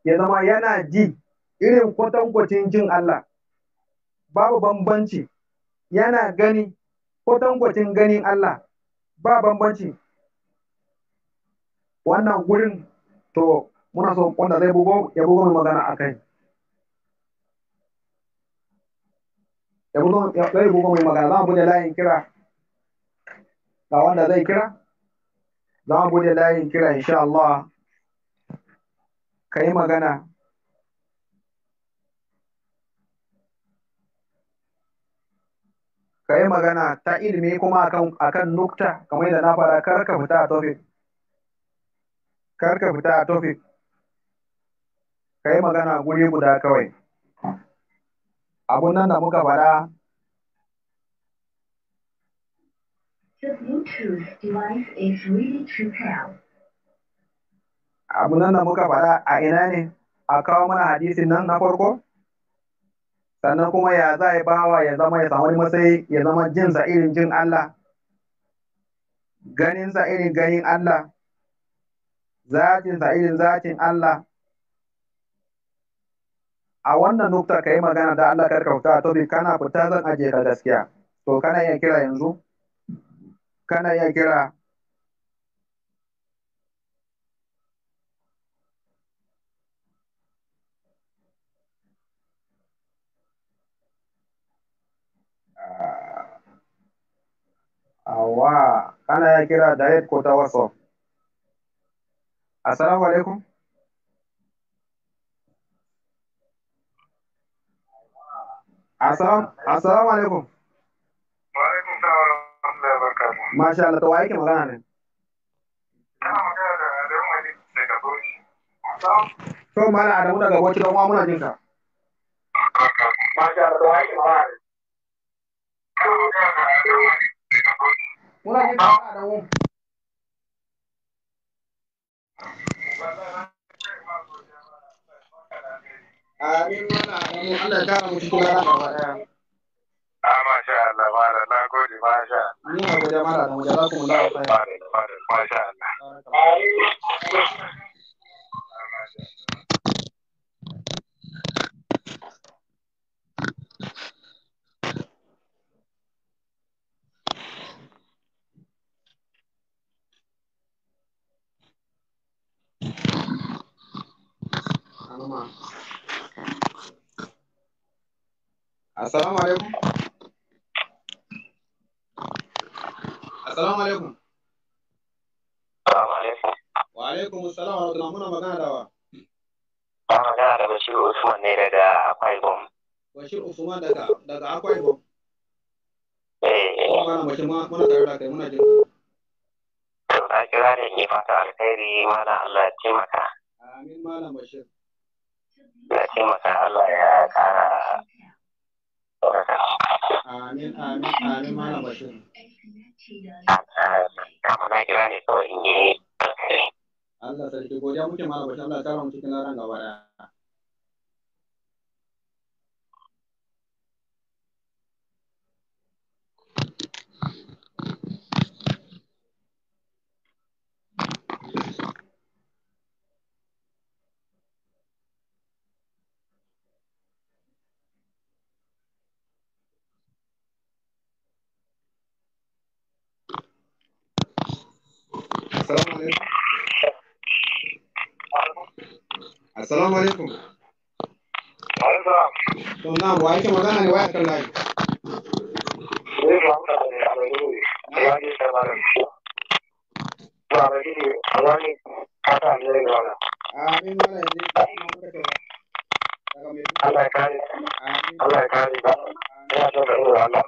ya zama yana ji irin kwatankwacin jin Allah babu bambanci yana gani kwatankwacin ganin Allah ba bambanci wannan gurin to muna so wanda zai bugo ya bugo magana a kai ya buga zai buga mai magana za mu bude layin kira ga wanda zai kira za mu bude layin kira insha Allah ka yi magana ka magana ta ilimi kuma akan akan nukta kamar yadda na fara karka fita a topic kar ka fita a topic ka yi magana guri guda kawai abun nan da muka faɗa abun nan da muka faɗa a ina ne a kawo mana hadisin nan na farko sannan kuma ya za a bawa ya zama ya samu matsayi ya zama jinsa irin jin Allah ganinsa irin ganin Allah zatinsa irin zatin Allah a wannan nukta ka yi magana da Allah karka fita to bi kana fita zan ajiye ka gaskiya to kana iya kira yanzu kana iya kira ah, awa kana ya kira direct ko ta wasu assalamu alaikum Assalamu alaikum. Wa alaikum salam wa rahmatullahi wa barakatuh. Masha Allah, to wa yake magana ne? Ina magana da Adamu Ali daga Bauchi. To mala Adamu daga Bauchi don wa muna jin ka. Masha Allah, to wa yake magana ne? Muna jin ka Adamu. Amin mana Allah ya kama mu cikin rana gaba daya. Ah masha Allah mala na gode masha. Ni ma gode mala da mujalla kuma da kai. Masha Allah. Come on. Assalamu alaikum. Assalamu alaikum. Wa alaikum assalam wa rahmatullahi muna magana da wa. Ba magana da Bashir Usman ne daga Akwai Bom. Bashir Usman daga daga Akwai Bom. Eh. Mana mace muna tare da kai muna jin. To ka kira da ni fata alkhairi mana Allah ya taimaka. Amin malam Bashir. Ya taimaka Allah ya kara Amin, amin, amin, mana ne Allah sarki, godiya muke mana Allah ya tara mu cikin laran gaba ɗaya. Assalamu alaikum. So now, why can we and why can I? Amin mana ini? Allah ya kare. Allah ya kare. Ya Allah.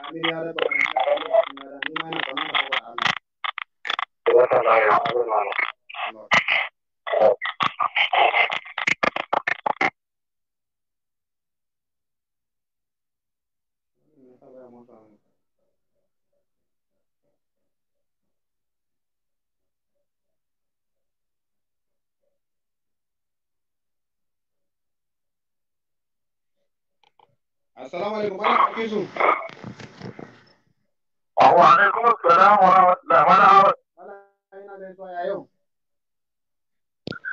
Amin ya rabbal alamin. Ya Allah. Ya Allah. السلام عليكم انا كيسو وعليكم السلام ورحمه الله وبركاته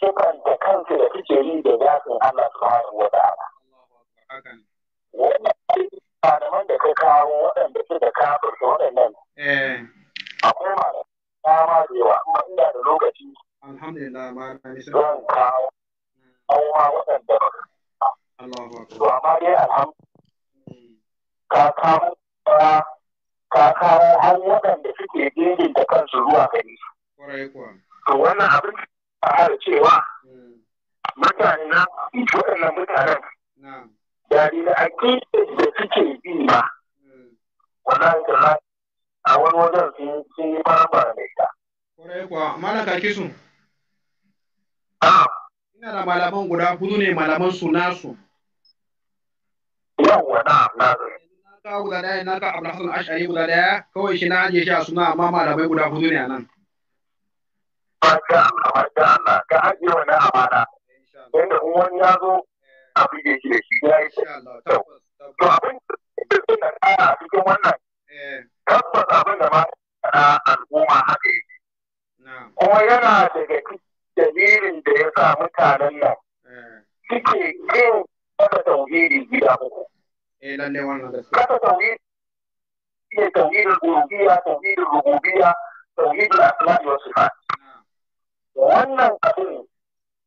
sukan da kansu da suke yi da zafin Allah subhanahu wa ta'ala. Wannan malaman da ka kawo waɗanda su suka kafir da waɗannan. Eh. Akwai malaman dama da yawa amma ina da lokaci. Alhamdulillah ma na nisa. Zan kawo kuma waɗanda ba. To amma dai alhamdulillah. Ka kawo ka kawo har waɗanda suke gejin da kansu zuwa gari. To wannan abin a cewa hmm. mutane na ita waɗannan mutanen yari da ake da suke bi ba hmm. wallahi kalla a wani wajen sun yi bambara da ita. mana, kuwa, sun? kisu. Ina da malaman guda hudu ne malaman su nasu. Yawwa na na Na kawo guda ɗaya na kawo Abdulhassan Ash'ari guda ɗaya kawai shi na ajiye shi a suna amma malamai guda hudu ne a nan. masha Allah masha Allah ka ajiye wani amana inda in wani ya zo a buge shi da shi ya yi to abin da ke suna kara a cikin wannan eh. tabbas abin da ma al'umma haka yake kuma yana daga dalilin da ya sa mutanen nan eh. suke yin kasa tauhidi gida uku. Eh, kasa tauhidi ne tauhidin uluhiyya, tauhidin rububiyya, tauhidin asma'i wa sifat. wannan abin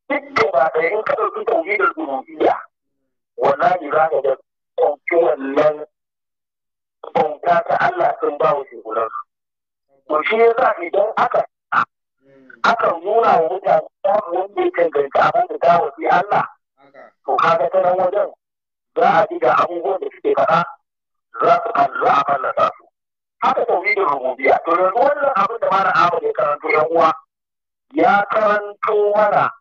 duk gaba ɗaya in ka da tauhidin wala wallahi za ka da ɗauki wannan bauta ta Allah sun ba wa shugunan to shi yasa idan aka aka nuna wa mutane babu wanda ya cancanta abin da ta wasi Allah to kaga ta nan wajen za a ji da abubuwan da suke faɗa za su kalla a fallasa su haka da rububiya to yanzu wannan abin da mana Ahmad ya karanta yan uwa ya karanto mana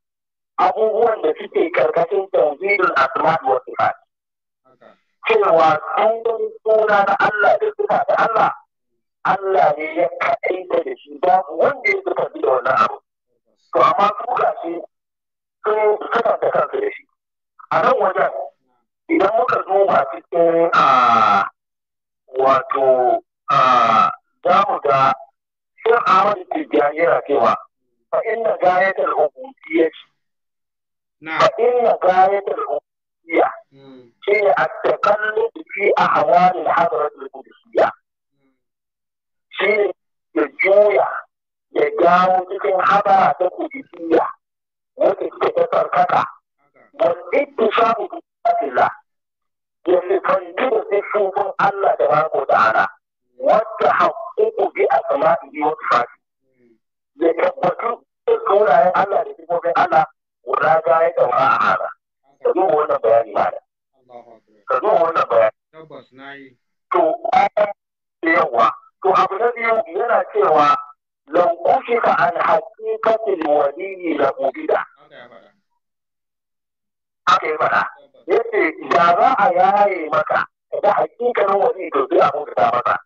abubuwan da suke karkashin tanzilul asma'i wa sifat cewa sun wani suna na Allah da suna da Allah Allah ne ya kaɗai da shi ba wanda ya suka bi da wannan abu to amma su ga shi sun suka da kansu da shi a nan wajen idan muka zo ba cikin a wato a zamu da ga shin Ahmad Tijjani yana cewa Fa'in na gayatar uku biya, a hawanin haɗari da ku biya. ya juya ya jawo cikin haɓaka ku bi biya, wajen ƙasa farkaka. Wani da fihlo da maku ɗara. Hmm. Wata hankulu biya asama da yiwar ya tabbatu da sunayen Allah da sifofin Allah guda ga ya daura a hara. Ka duba wannan bayani ba da, Ka duba wannan bayani. Tabbas na yi. To, yawa. To, abu na biyu yana cewa lan kushika an haqiqatil wani la ubida. Aka yi faɗa. Yace da za a yaye maka da haƙiƙanin wani to sai a ta maka.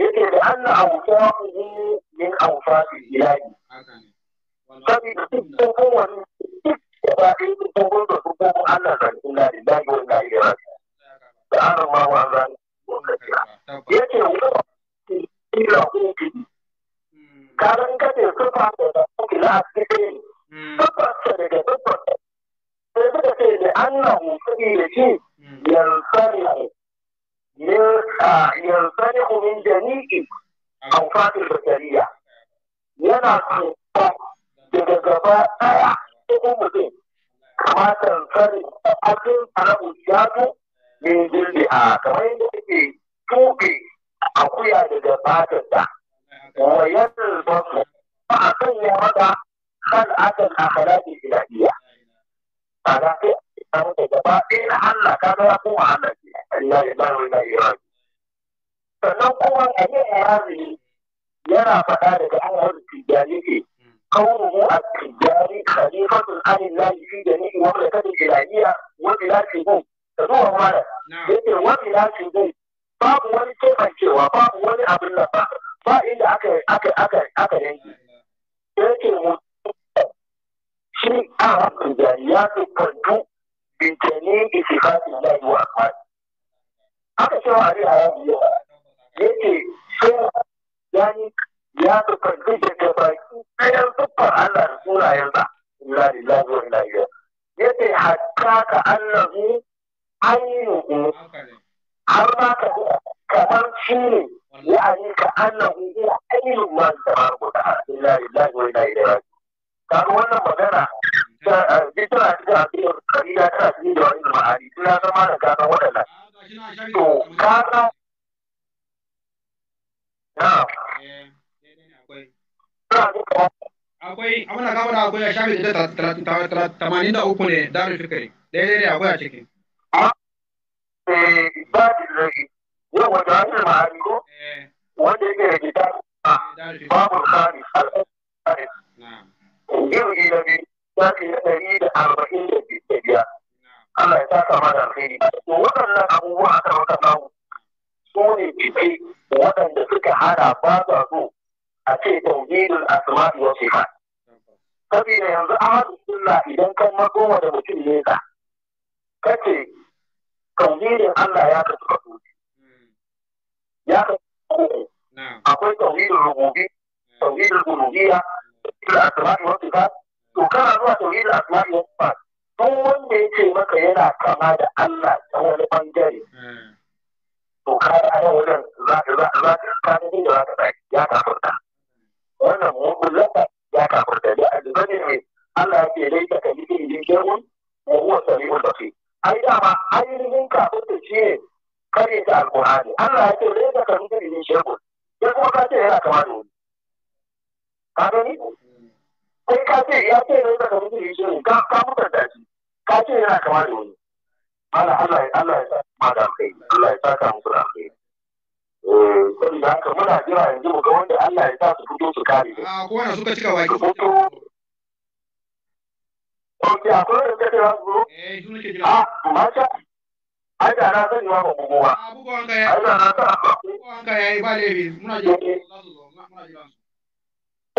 yake da hannun anna awsafuhu min awsafil ilahi duk dukkan kowane duk da ba a ɗaya dukkan gwamnati su ko Allah da inna lillahi wa inna ilaihi raji'un da ana ma wa zan gwamnati yace wa ila ko kidi karan ka ce su ba da da kila asiri tabbata daga tabbata sai suka ce da an na annahu ne da shi sani a yi. ينطلق من جميع أوقات البشرية yana kuma daga gaba ɗaya cikin mutum kamata sani abin arabu ya zo min jirgi a kamar yadda take tuɓe akuya daga fatan da wa yanzu ba su ba a kan ya maka kan akan akhlaqi ilahiyya kaga sai a samu da gaba ɗaya na Allah kaga ya kuma Allah ce inna lillahi na inna sannan kuma abin arabi yana faɗa daga ayar tijani ne قوله التجاري خليفة عن الله في جميع مملكة الإلهية وبلاد الجنوب تدور مالا wani وبلاد الجنوب babu wani kefancewa babu wani abin da ba ba inda aka aka aka aka yanki yake mu shi a hakan ya fi kantu bintani itifafin lahi wa akwai haka shi a ne a rabi ya ce shi ya ni ya sufanci da ke baki ɗayan siffar Allah da sunayensa illa lillahi wa illa ilaihi ya ce hatta ka annahu ainihu har ma ka kamar shi ne yi ka annahu huwa ainihu ma tabaraka wa ta'ala illa lillahi wa illa ilaihi kaga wannan magana da tana cikin asirin kariya tana cikin da wani ma'ani suna zama da kaga waɗannan akwai amina kama da akwai a shafi da tamanin da uku ne darin fikiri daidai ne akwai a ciki. ba yau wata hanyar ma'ani ko wanda yake da gida babu kari al'adar yau ina bi shafi na ɗari da arba'in da biyar Allah ya saka ma da alheri to waɗannan abubuwa aka maka samu su ne bidai waɗanda suka hada ba su so a ce tauhidul asma'i wa sifat da yanzu ahadu sunna idan kan makoma da mutum ne ka kace tauhidin Allah ya kasu kasu ya ka akwai tauhidul rububi tauhidul uluhiyya tauhidul asma'i wa sifat to kana zuwa tauhidul asma'i wa sifat duk wanda ya ce maka yana kama da Allah ta wani bangare to ka a nan wajen za ka za ka ka da za ka za ya kafurta wannan mutlaka ya kafurta da azbani ne Allah ke dai ka kalli irin girman wa huwa samiul basir ai dama ainihin kafurta shi ne kare ta alqur'ani Allah ya ce dai ka kalli irin ya kuma ka ce yana kama da wani ka gani kai ka ce ya ce ne daga mutum shi ka ka mutunta shi ka ce yana kama da wani Allah Allah Allah ya sa ma da kai Allah ya sa ka musu da kai eh saboda haka muna jira yanzu mu ga wanda Allah ya sa su fito su kare a ko wanda suka cika waki Ok, akwai wanda suka cika waki eh su nake jira a mata ai da na zan yi wa bugowa a bugowan ka ai da na sa bugowan ka ya yi ba laifi muna jira za su zo muna jira su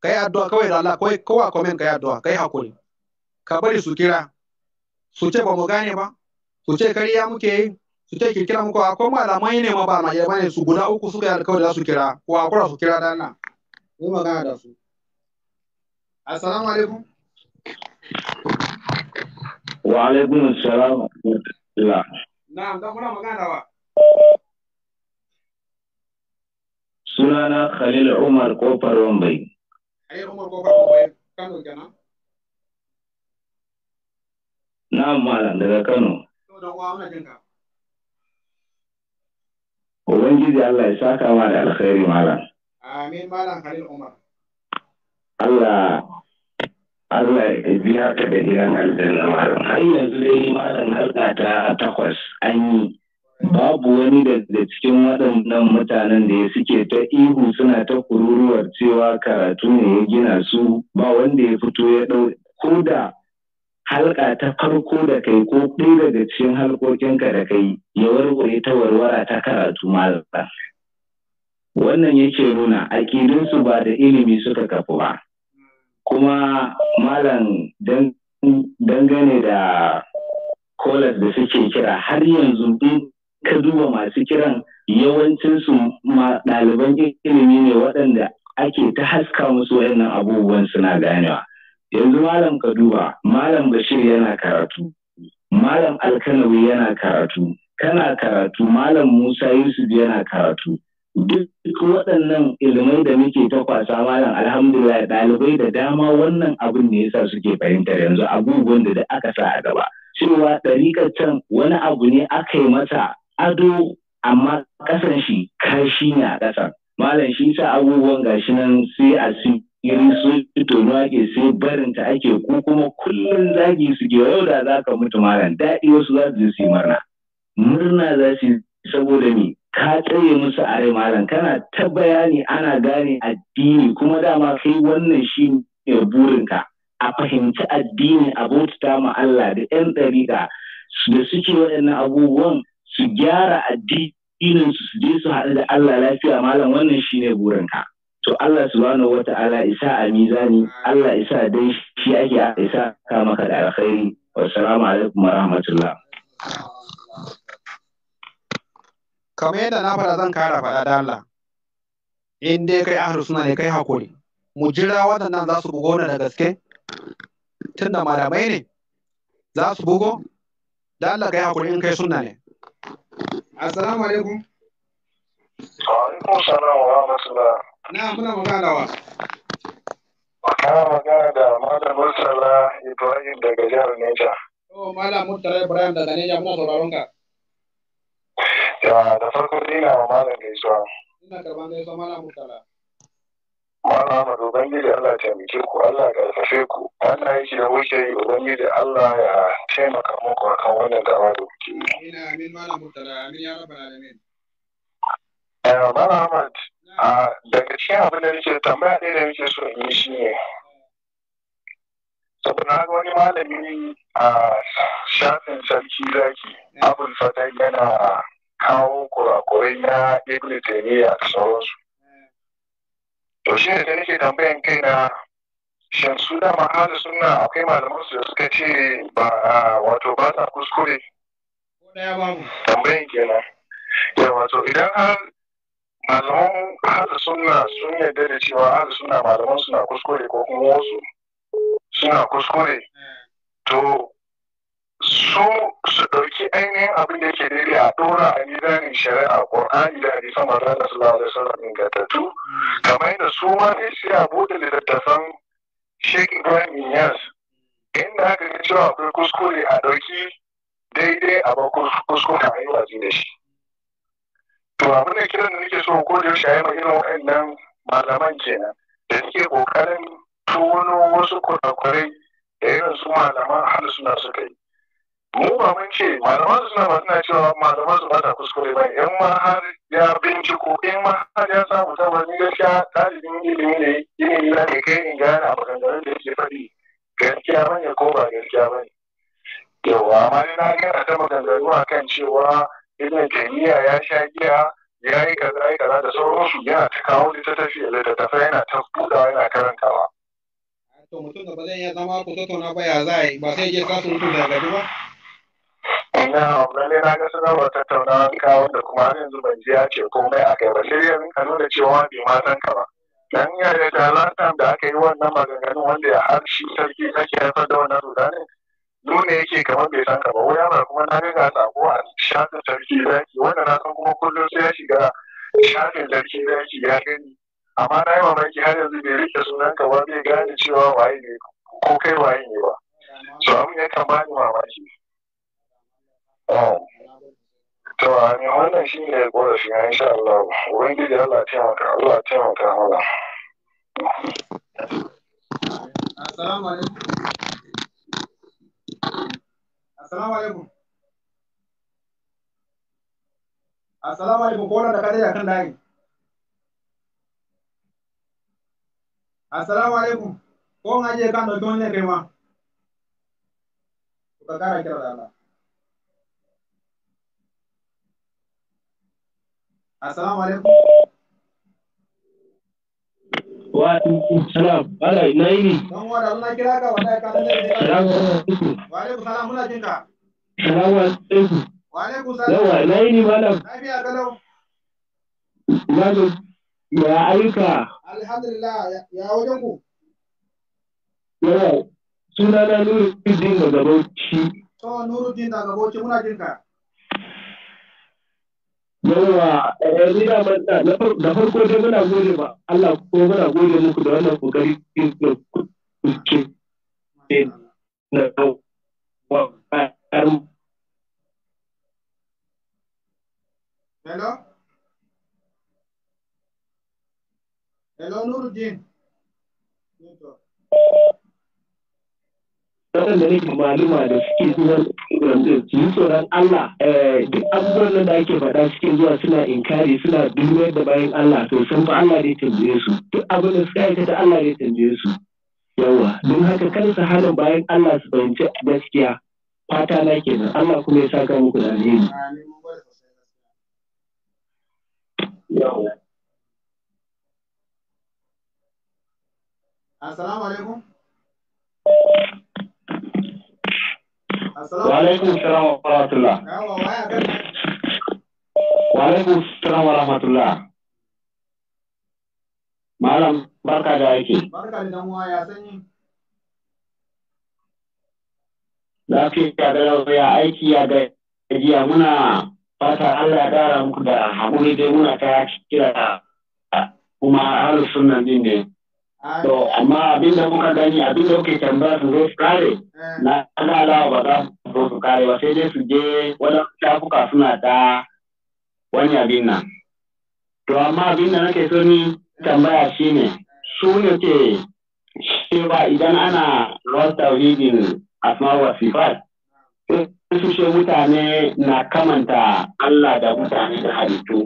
ka yi addu'a kawai da Allah kawai kowa comment ka yi addu'a ka yi hakuri ka bari su kira su ce ba mu gane ba su ce kariya muke yi su ce kirkira muku akwai malamai ne ma ba ma yaba ne su guda uku suka yi alkawari za su kira ko kura su kira dana mu magana da su assalamu alaikum wa alaikum assalam na'am da kuma magana wa sunana Khalil Umar Kofar Wambai. Na malam daga Kano. Ubangiji Allah ya saka ma da alkhairi malam. Amin malam Khalil Umar. Allah Allah ya biya ka da gidan aljanna malam. Har yanzu dai malam halka ta takwas an yi babu wani da cikin waɗannan mutanen da ya suke ta ihu suna ta kururuwar cewa karatu ne ya gina su ba wanda ya fito ya ɗau ko da halka ta farko da kai ko ɗaya daga cikin halkokinka da kai ya warware ta warwara ta karatu malaka wannan yake nuna aƙidinsu ba da ilimi suka kafu ba kuma malam dangane da kolas da suke kira har yanzu ka duba masu kiran yawancinsu ma ɗaliban ilimi ne waɗanda ake ta haska musu wayannan abubuwan suna ganewa yanzu malam ka duba malam bashir yana karatu malam alkanawi yana karatu kana karatu malam musa yusuf yana karatu duk waɗannan ilimai da muke ta kwasa malam alhamdulillah ɗalibai da dama wannan abin ne yasa suke fahimtar yanzu abubuwan da aka sa a gaba cewa ɗarikacin can wani abu ne aka yi mata ado amma ƙasan shi kashi ne a ƙasa malam shi sa abubuwan gashi nan sai a siri su tono ake sai barinta ake ko kuma kullum zagi su ke yau da za mutu malam daɗi wasu za su yi murna murna za su saboda ni. ka tsaye musu a rai malam kana ta bayani ana gane addini kuma dama kai wannan shi ne ka. a fahimci addini a bauta ma Allah da 'yan ɗariƙa da suke waɗannan abubuwan su gyara addinin su su je su haɗu da Allah lafiya malam wannan shi ne burinka to Allah subhanahu ala isa a mizani Allah isa dai shi ake isa ka da alkhairi wassalamu alaikum wa rahmatullah kamar yadda na faɗa zan kara faɗa da Allah in dai kai ahar suna ne kai hakuri mu jira waɗannan za su bugo da gaske tunda malamai ne za su bugo da Allah kai hakuri in kai suna ne Assalamu alaikum. Wa alaikum salam wa rahmatullah. Na muna magana wa. Kana magana da Malam Murtala Ibrahim daga jihar Neja. Oh, Malam Murtala Ibrahim daga Neja muna sauraron ka. Ya, da farko dai wa Malam gaisuwa. Ina karban gaisuwa Malam Murtala. Mala Ahmad Ubangiji Allah ya taimake ku Allah ya karfafe ku. Wannan aiki da kuke yi Ubangiji Allah ya taimaka muku akan wannan da'awa da kuke yi. Amin amin Malam Murtala amin ya rabbal alamin. Eh Mala Ahmad daga cikin abin da nake tambaya ɗaya da nake so in yi shi ne. Saboda haka wani malami a shafin sarki zaki Abul Fatah yana kawo kurakurai na Ibn Taymiyyah da sauransu. to shi da nake tambayan kai na shan su ma mahalu suna akwai malaman su da suka ce ba wato ba kuskuri tambayi tambayan na ya wato idan har malaman suna sun yarda da cewa ahalu suna malaman suna kuskuri ko kuma wasu suna kuskuri ah. to su su ɗauki ainihin abin da yake daidai a ɗora a nidanin shari'a ƙur'ani da hadisan manzo Allah sallallahu alaihi wasallam ingantattu kamar yadda su ma sai su ya bude littattafan Sheikh Ibrahim Iyas inda aka ga cewa akwai kuskure a ɗauki daidai a bakon kuskure a yi watsi da shi to abin da kiran da nake so ko da yaushe a yi magana waɗannan malaman kenan da suke ƙoƙarin tuno wasu kurakurai da irin su malaman suna suka yi mu ba mun ce malaman su suna magana cewa malaman su ba ta kuskure ba in ma har ya binciko in ma har ya samu tabbas ni gaskiya ɗalibin ilimi ne ilimi na ne kai in gane a maganganun da yake faɗi gaskiya ba ne ko ba gaskiya ba ne yawa amma ni na gana ta maganganu a kan cewa ibn taymiya ya sha giya ya yi kaza ya kaza da sauransu yana ta kawo tafi da tafi yana ta buɗawa yana karantawa to mutum da ba zai iya zama ku tattauna ba ya za a yi ba sai je kasu mutum da gaji ba Ina lalle na ga sanarwar tattaunawa ka wanda kuma har yanzu ban ji ce komai a kai ba sai yanzu ka nuna cewa bai matan ka ba. Dan ya da talantan da aka yi wannan maganganun wanda ya har shi sarki sake haifar da wannan rudanin nuna yake kamar bai san ka ba wuya ba kuma na ga sako a shafin sarki zaki wanda na san kuma kullum sai ya shiga shafin sarki zaki ya gani amma na yi mamaki har yanzu bai rike sunan ka ba bai gane cewa waye ne ko kai waye ne ba. So abin ya kan bani mamaki. to amin wannan shi ne ƙorafi na insha Allah ubangiji Allah taimaka Allah taimaka mana assalamu alaikum assalamu alaikum assalamu alaikum ko da kare akan layi assalamu alaikum ko ngaje kan da don ne kai ma ka kara kira da Allah Assalamu alaikum. Wa alaikum salam. Ala ina yi ne? Dan wada muna kira ka ya da ya Wa alaikum salam muna jin ka. Salamu alaikum. Wa alaikum salam. Yawa ina yi ne malam. Lafiya kalau. Malam ya ayyuka. Alhamdulillah ya wajen ku. Yawa sunana Nuruddin daga Bauchi. Nuruddin daga Bauchi muna jin ka. yawa yanzu eh, da manta na farko dai muna gode ba Allah ko muna gode muku da wannan kokari da kuke na wa Hello Hello Nuruddin waɗanda nake maluma da suke zuwa su yi tsoron Allah eh, duk abubuwan nan da ake faɗa suke zuwa suna inkari suna duniyar da bayan Allah to sun fa Allah ne tambaye su duk abin da suka aikata Allah ne tambaye su yawa don haka kar su halin bayan Allah su fahimci gaskiya fata na kenan Allah kuma ya saka muku da alheri Assalamu alaikum. Wa alaikum salam wa rahmatullah. Malam barka da aiki. Barka da damuwa ya sanyi. Lafiya da aiki ya ga jiya muna fata Allah ya kara muku da haƙuri dai muna ta kuma halin sunan ne. To, amma abin da muka gani abin da kuke tambaya su zo su kare, eh. na alawa ba za su zo su kare ba sai dai su je wani shafuka suna da wani abin nan. To, amma abin da nake so ni tambaya shi ne, su ne ke cewa idan ana rasta tauhidin asma wa sifat, su ce mutane na kamanta Allah da mutane da halittu.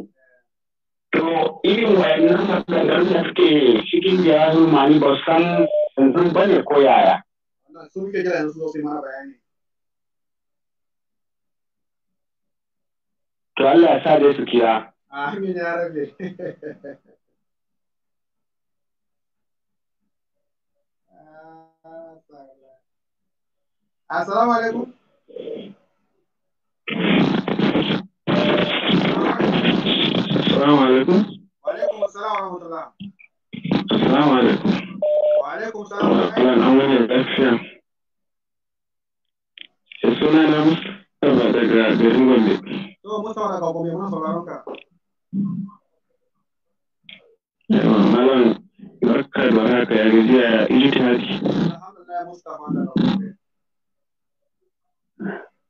To irin wayannan maganganun da suke cikin jihazin mani ba san yanzu ba ne ko yaya. Su muke kira yanzu sosai mara bayani. To Allah ya sa dai su kira. Amin ya rabe. Assalamu alaikum. Assalamu alaikum. Wa alaikum assalam wa rahmatullah. Ya suna na daga garin Gombe. To Mustapha daga Gombe Yawa malam barka da haka ya gajiya ya ijtihadi. Alhamdulillah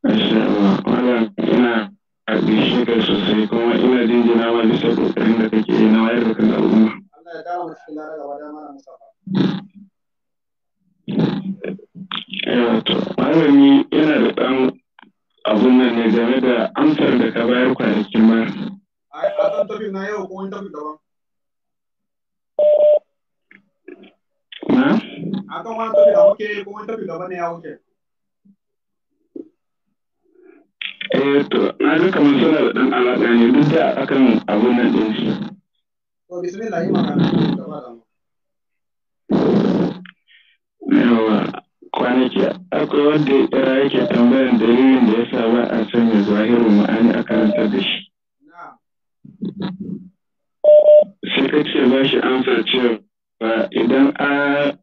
Allah, malam ina a gaishe ka sosai kuma ina jin jinjina ma bisa kokarin da kake yi na wayar da kan al'umma. Yato, malami yana da ɗan abun nan ne game da amsar da ka bayar kwanakin ma. A kan tafi na yau kuma tafi daban. Na? A kan wani tafi da muke ne ya wuce. eh to na ga kamar suna da dan alaƙa ne duk da akan abun nan din shi to bismillah yi magana yawa kwanaki akwai wanda ya kira yake tambayan dalilin da ya sa ba a sanya zahirin ma'ani a karanta da shi sai ka ce ba shi amsa cewa idan a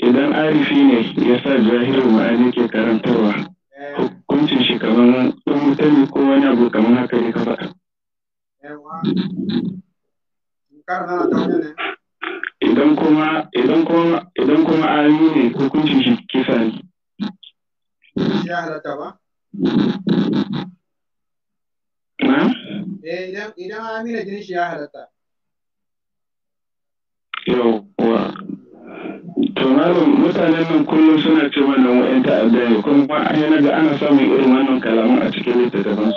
idan arifi ne ya sa jahirin ma'ani ke karantarwa eh. hukuncin shi kamar ka Idan kuma idan kuma idan kuma ayu ne shi kisa ne. Ya halatta ba? Na? Idan amina jin shi ya halatta. Yawwa. to malam mutanen nan kullum suna ce wannan wa'yan ta'adda ya, kuma an yana ga ana samun irin wannan kalamu a cikin littattafan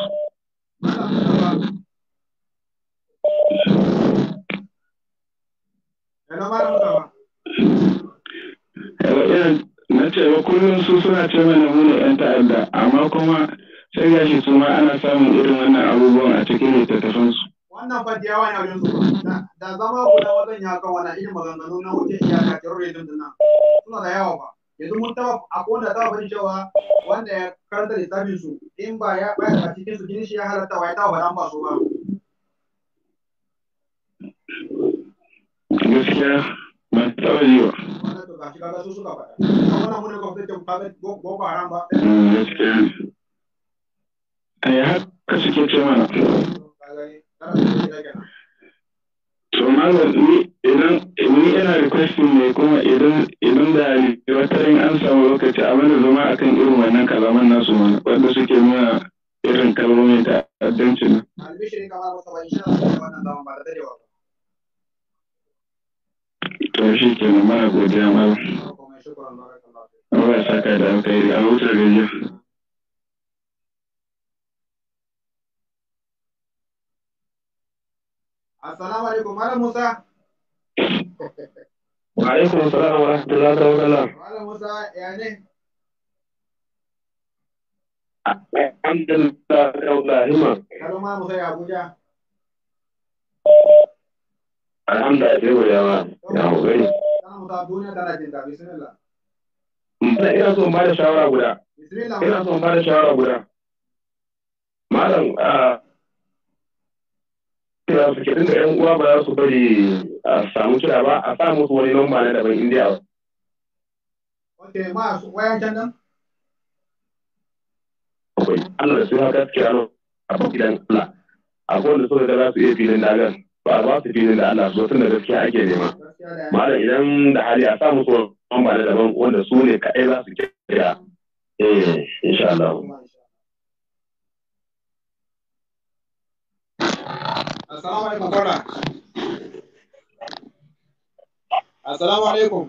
su na ce ba kullum su suna ce mana muna yan ta'adda amma kuma sai gashi su ma ana samun irin wannan abubuwan a cikin littattafan su wannan fa diya wani wajen zuwa. da zama guda wajen ya kawo wani irin maganganu na wuce iyaka kiro ne din nan suna da yawa ba yanzu mun taba a kowanne ta bari cewa wanda ya karanta littafin su in ba ya bayar a cikin su jini shi ya halatta wa ya taba dan ba su ba gaskiya ba taba yi ba wannan ba shi kaga su suka faɗa wannan mun ne kwamfutar kaga boko haram ba mm, gaskiya ai haka suke ce mana to malam ni idan ni ina requesting ne kuma idan idan da wata yin an samu lokaci a mana zama kan irin wannan kalaman nasu mana, wanda suke nuna irin kalmomi da addancin to shi ke mana godiya malam Allah ya saka da alkhairi a wutar gajiya Assalamu alaikum, Malam Musa. Wa alaikum salam Malam Musa, ya ne? Alhamdulillah, Allahumma. Kalau ma Musa ya Abuja. Alhamdulillah, ya ma. Ya hukari. Ina son shawara guda. Ina son bada shawara guda. Malam, ah, cewa su ke da 'yan uwa ba za su bari a samu kira ba a sa musu wani lamba na daban indiya ba. Ok, ma su wayan can nan? Akwai, Allah da su haka kira a filan Allah. Akwai wanda suka ga za su iya filin dagar ba ba su filin da Allah su tun da gaskiya ake nema. Malam idan da hali a sa musu wani lamba na daban wanda su ne kaɗai za su kira. Eh, insha Allah. Assalamu alaikum kwana. Assalamu alaikum.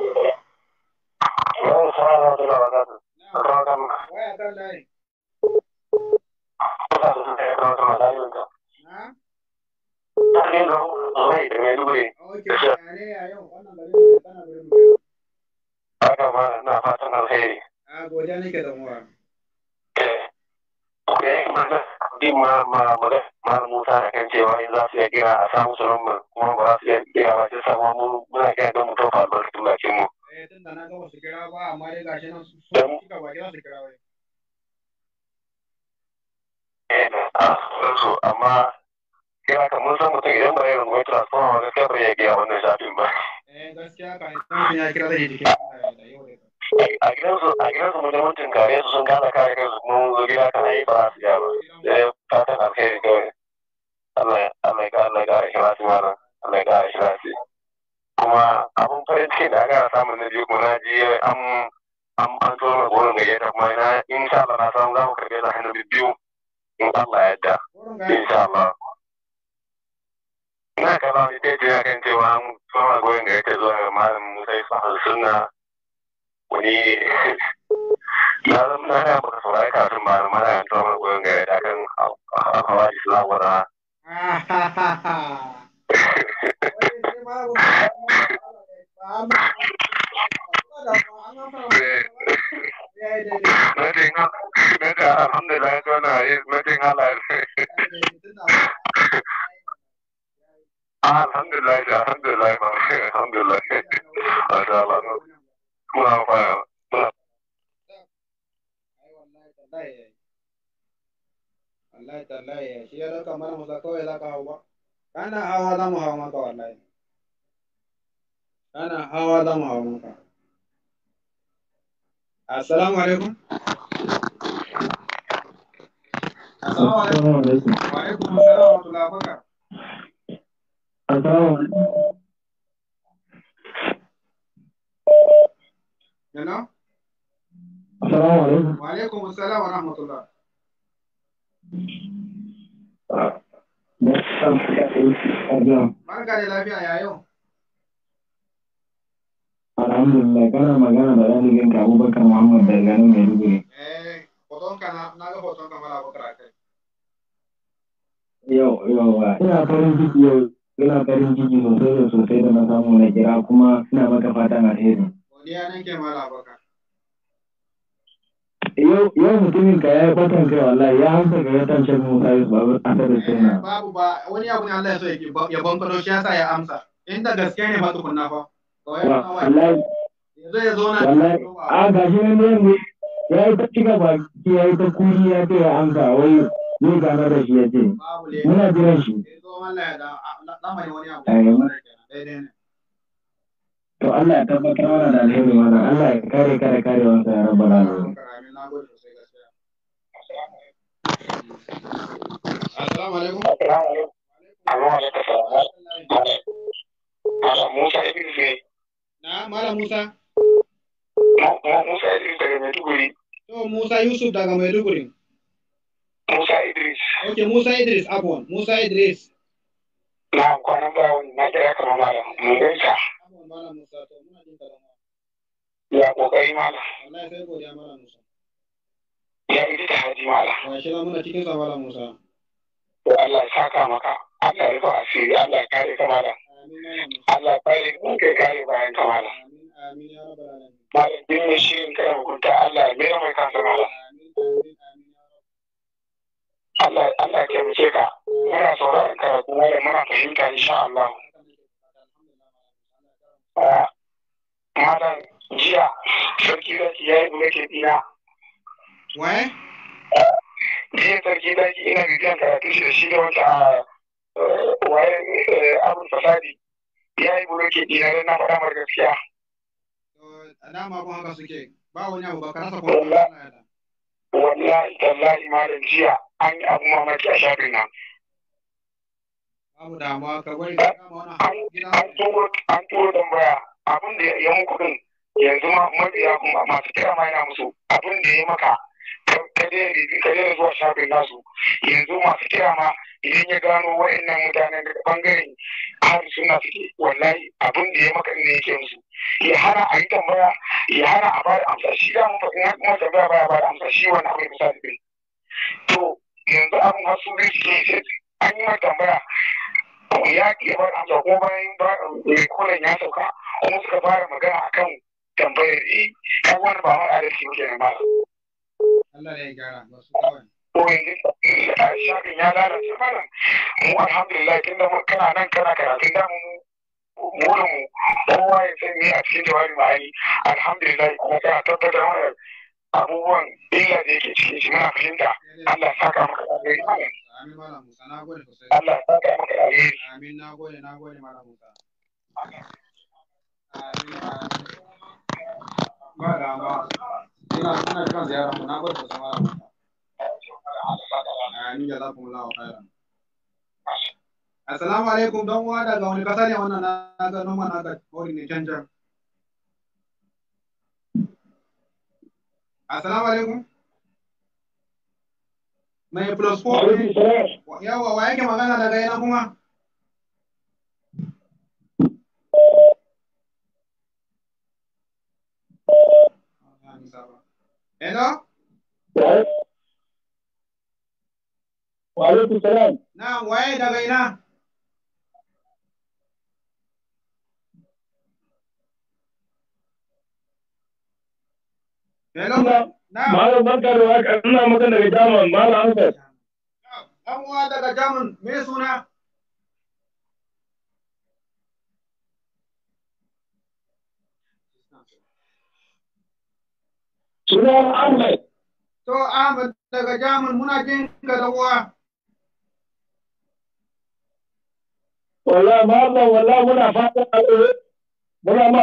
Aka ah, ma na fatan alheri. A godiya nake da muwa. din ma ma ma Musa kan cewa in su kira a samu su rumbar kuma ba su iya kira ba sai samu mu muna kira don Eh tun da na gama kira ba amma ba kira su kira ba. Eh a su amma kira ka mutum idan ba ya rungu transformer ba gaskiya ba ya wannan shafin ba. Eh gaskiya ya kira zai da a gansu a gansu mu da mutum kare su sun gane kare kansu mun zo gida kana yi ba su ya ba sai fatan alheri kawai Allah Allah ya Allah ya kara shi lafiya mana Allah ya kara shi lafiya kuma abun farin ciki da aka samu na biyu na ji an an an zo na gurin gayyata kuma ina insha Allah na samu za mu karbe na hannu biyu in Allah ya yarda insha Allah ina kallon ita ce kan cewa an zo na gurin gayyata zuwa malam Musa Isa Sunna wani ya zama na ya baka saurari kafin ba zama na yanzu zama goyon gaya da kan hawa islam wada na da alhamdulillah ya na yi madin halar alhamdulillah alhamdulillah alhamdulillah muna ya assalamu alaikum assalamu alaikum wa alaikum assalam wa rahmatullahi wa barakatuh Hello? Wa wa Barka da lafiya ya Alhamdulillah kana magana da ɗalibin ka Abubakar Muhammad daga garin Maiduguri. Eh, hoton ka na ga hoton ka mala Abubakar kai. Yau, yau, ina farin ciki yau, ina farin ciki sosai da sosai da na samu na kira kuma ina maka fatan alheri. yau mutumin ka ya yi fatan kai wallahi ya hamsa ga ya tance mu sai babu asar sunna babu ba wani abu ne Allah ya so ya bambaro shi yasa ya amsa inda gaskiya ne ba tukunna wallahi ya zo na a ne ne ya yi ta cika ya yi ta kuri ya ya amsa wai zai gano da shi ya ce muna jiran shi wallahi da wani abu eh, To Allah ya tabbatar mana da alheri mana Allah ya kare kare kare wanda ya rabbal alamin. Assalamu alaikum. Assalamu alaikum. Musa ibn Fe. Na Malam Musa. Musa Idris daga Maiduguri. To Musa Yusuf daga Maiduguri. Musa Idris. Okay Musa Idris Abon Musa Idris. Na kwanan bawon na kira kama malam mun gaisa. Ya kokari malam. Ya ita ta haji malam. Ya sa malam To Allah saka maka. Allah ya rufa asiri, Allah ya kare ka malam. Allah kare mun kai kare bayan ka malam. Amin ya din ne shi in kai hukunta Allah ya mera mai kansa malam. Allah Allah ya taimake ka. Muna sauraron karatu malam muna fahimta insha Allah. malam jiya sarki zaki ya yi bulletin dina. Waye? Jiya sarki zaki ina bibiyan karatu shi da shi da wata waye abin fasadi ya yi bulletin dina, don na faɗa mar gaskiya. Dama abin haka suke ba wani abu ba ka rasa kuma. Wallahi tallahi malam jiya an yi abu mamaki a shafin nan. Abu damuwa ka gwai da kama wani an turo tambaya abin da ya muku din yanzu mabiya kuma masu kira ma yana musu abin da ya maka ka daina bibi ka je zuwa shafin nasu yanzu masu kira ma idan ya gano wa'annan mutanen daga bangaren har suna suke wallahi abin da ya maka ne yake musu ya hana a yi tambaya ya hana a bada amsa shi da mun faɗin kuma tambaya baya bada amsa shi wani abu ya fi sa to yanzu abin har su ke yi sai an yi ma tambaya ya ke bar amsa ko bayan mai eh, koren ya sauka kuma suka fara magana akan tambayar e ko wani ba mara adalci muke na mara. Allah ya gyara wasu kawai. Eh, shafin ya lalace malam mu alhamdulillah tun da kana nan kana karatu da mu, kowa ya san me a cikin jawabi ma'ani alhamdulillah kuma kana tabbatar mana abubuwan illa da yake cikin shi muna fahimta Allah ya saka maka da Amin Malam Musa. Na gode sosai. Amin na gode na gode Malam Musa. Ba da ba. Ina ina kan ziyara mu na gode sosai Malam Musa. Amin ya zafi mulawa khairan. Assalamu alaikum don uwa daga wani kasa ne wannan na ga noma na ga kori ne can can. Assalamu alaikum. mai plus 4 ne yawa wa yake magana daga yana kuma Hello? Na waye daga ina? Hello? Malam barka da waka ina maka da jaman Malam Hassan. Dan uwa daga jaman me suna? Suna Ahmed. To Ahmed daga jaman muna jin ka da uwa. Wala malam wala muna fata muna ma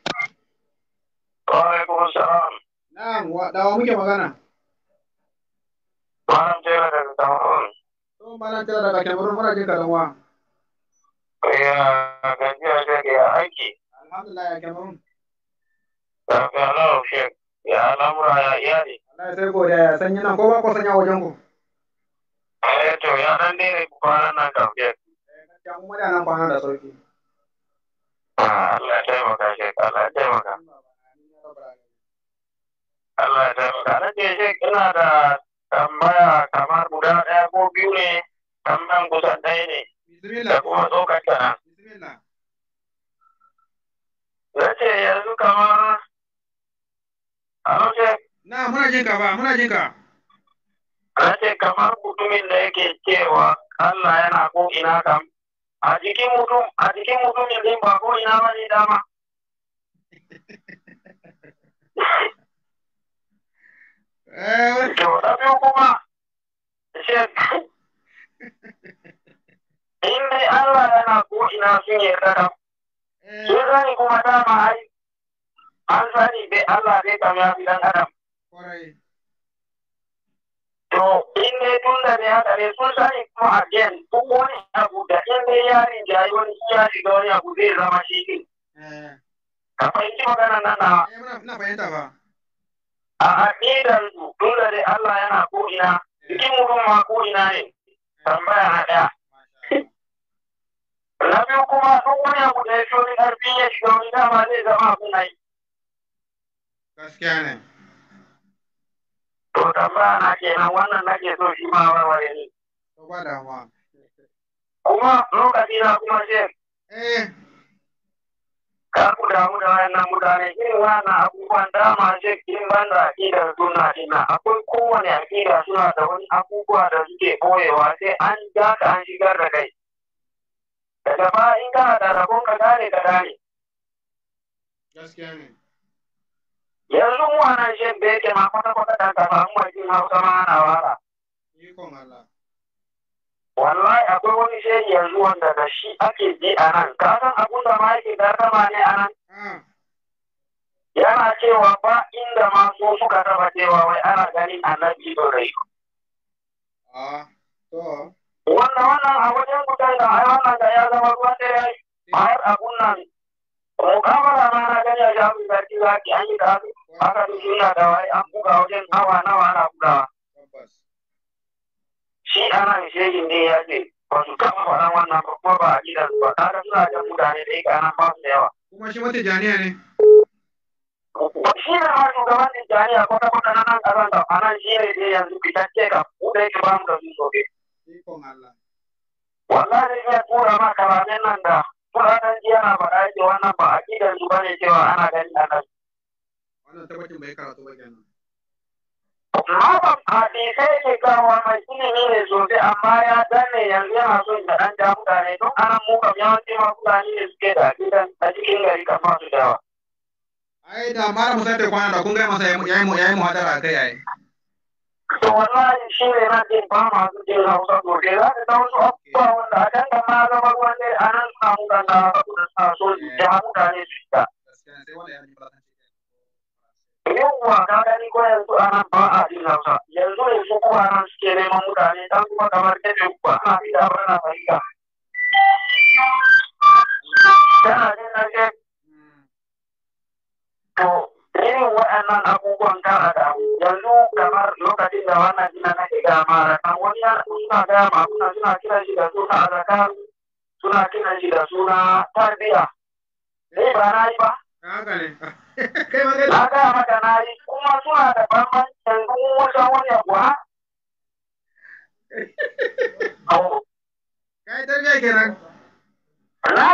Wa alaikum salam. Na'am, wa dawa muke magana. Malam Tela daga Cameroon. To Malam Tela daga Cameroon muna jin karan wa. Ya gajiya shek ya aiki. Alhamdulillah ya Cameroon. Daga Allah shek ya al'amura ya iyali. Allah sai godiya ya sanyi nan ko ba ko sanya wajen ku. Eh to ya dan dai kwana nan kam shek. Eh kuma da nan kwana da sauki. Ah, Allah ya taimaka shek Allah ya taimaka. Allah na ce shi ina da tambaya kamar guda ɗaya ko biyu ne tambayan kusan ɗaya ne da kuma tsokar ta na kamar a na muna ka na ce kamar mutumin da yake cewa Allah yana ko kam a jikin mutumin din ba ko'ina ba ne dama Saura eh, biyu kuma, in dai Allah yana ko'ina ina sun yarda da eh. shi sani kuma dama ai an sani bai Allah bai kam ya fi dan adam. To in dai tun da haka ne sun sani kuma again duk wani abu da in dai yarin jayi wani wani abu zai zama shi ne. Eh. Ka fahimci nan a aqidan su dole dai Allah yana ko cikin mutum ma ko ne tambaya na daya na biyu kuma duk wani abu da ya shi wani karfin ya shiga wani dama zai zama abu na yi gaskiya ne to tambaya na kenan wannan nake so shi ma warware ni kuma lokaci na kuma shi. eh Ka ku damu da wannan mutane irin wannan abubuwan dama shek in ban da aƙidar suna ina akwai kowane aƙida suna da wani abubuwa da suke koyewa sai an ja ka an shigar da kai daga ba in kana da rabon ka gane ka gane yanzu mu anan shek da ke ma kwata-kwata da ka samu wajen hausa ma ana wara wallahi akwai wani shehi yanzu wanda da shi ake ji a nan ka san abun da ma yake gardama ne a nan hmm. yana cewa ba inda ma so suka taba cewa wai ana ganin annabi don rai ah, wannan wannan a wajen gudan da ai wannan da ya zama ruwan da ya yi har abun nan mukamala ma na gani a shafin sarki zaki an yi da haka suna da wai an buga wajen awa nawa na bugawa shi ana shehin ne ya ce ba su kama faɗan wannan ba kuma ba a gidan ba tare suna jan mutane da yake anan ba su da yawa. kuma shi wata jami'a ne. shi ne ma shugaban da jami'a kwata kuma na nan kasan da anan shi ne dai yanzu fitacce ka buɗe ki ba mu da su soke. wallahi ya tura ma karamin nan da fulanan jiya na faɗa ce wannan ba a gidan su ba ne cewa ana ganin anan. wannan tabbacin bai karatu ba kenan. Malam hadisai ke ga wannan ilimi ne sosai amma ya gane yanzu yana so ya dan ja mutane don ana mu kam yawanci ma mutane ne suke da gidan a cikin gari kamar masu dawa. Ai da malam Musa ta kwana da kun ga masa yi mu yayi mu hadara kai yayi. To wallahi shi ne na jin ba ma su jin Hausa to ke za ka dawo su abubuwa wanda a dan kama zama ruwan dai a nan suna mutane da su da sa so ya mutane su yi ta. Gaskiya sai wanda ya ni yawwa ka gani ko yanzu a ba a jin hausa yanzu yanzu ko a suke neman mutane ta kuma kamar kebe uku ana fi da barna fahimta tana jin ƙarshe to irin waɗannan abubuwan kara da yanzu kamar lokacin da wannan ina na shiga mara kan wani yana suna gaya ma suna suna kiran shi da suna azaka suna kira shi da suna tarbiya ne ba na yi ba Na gaya maka na yi kuma suna da Na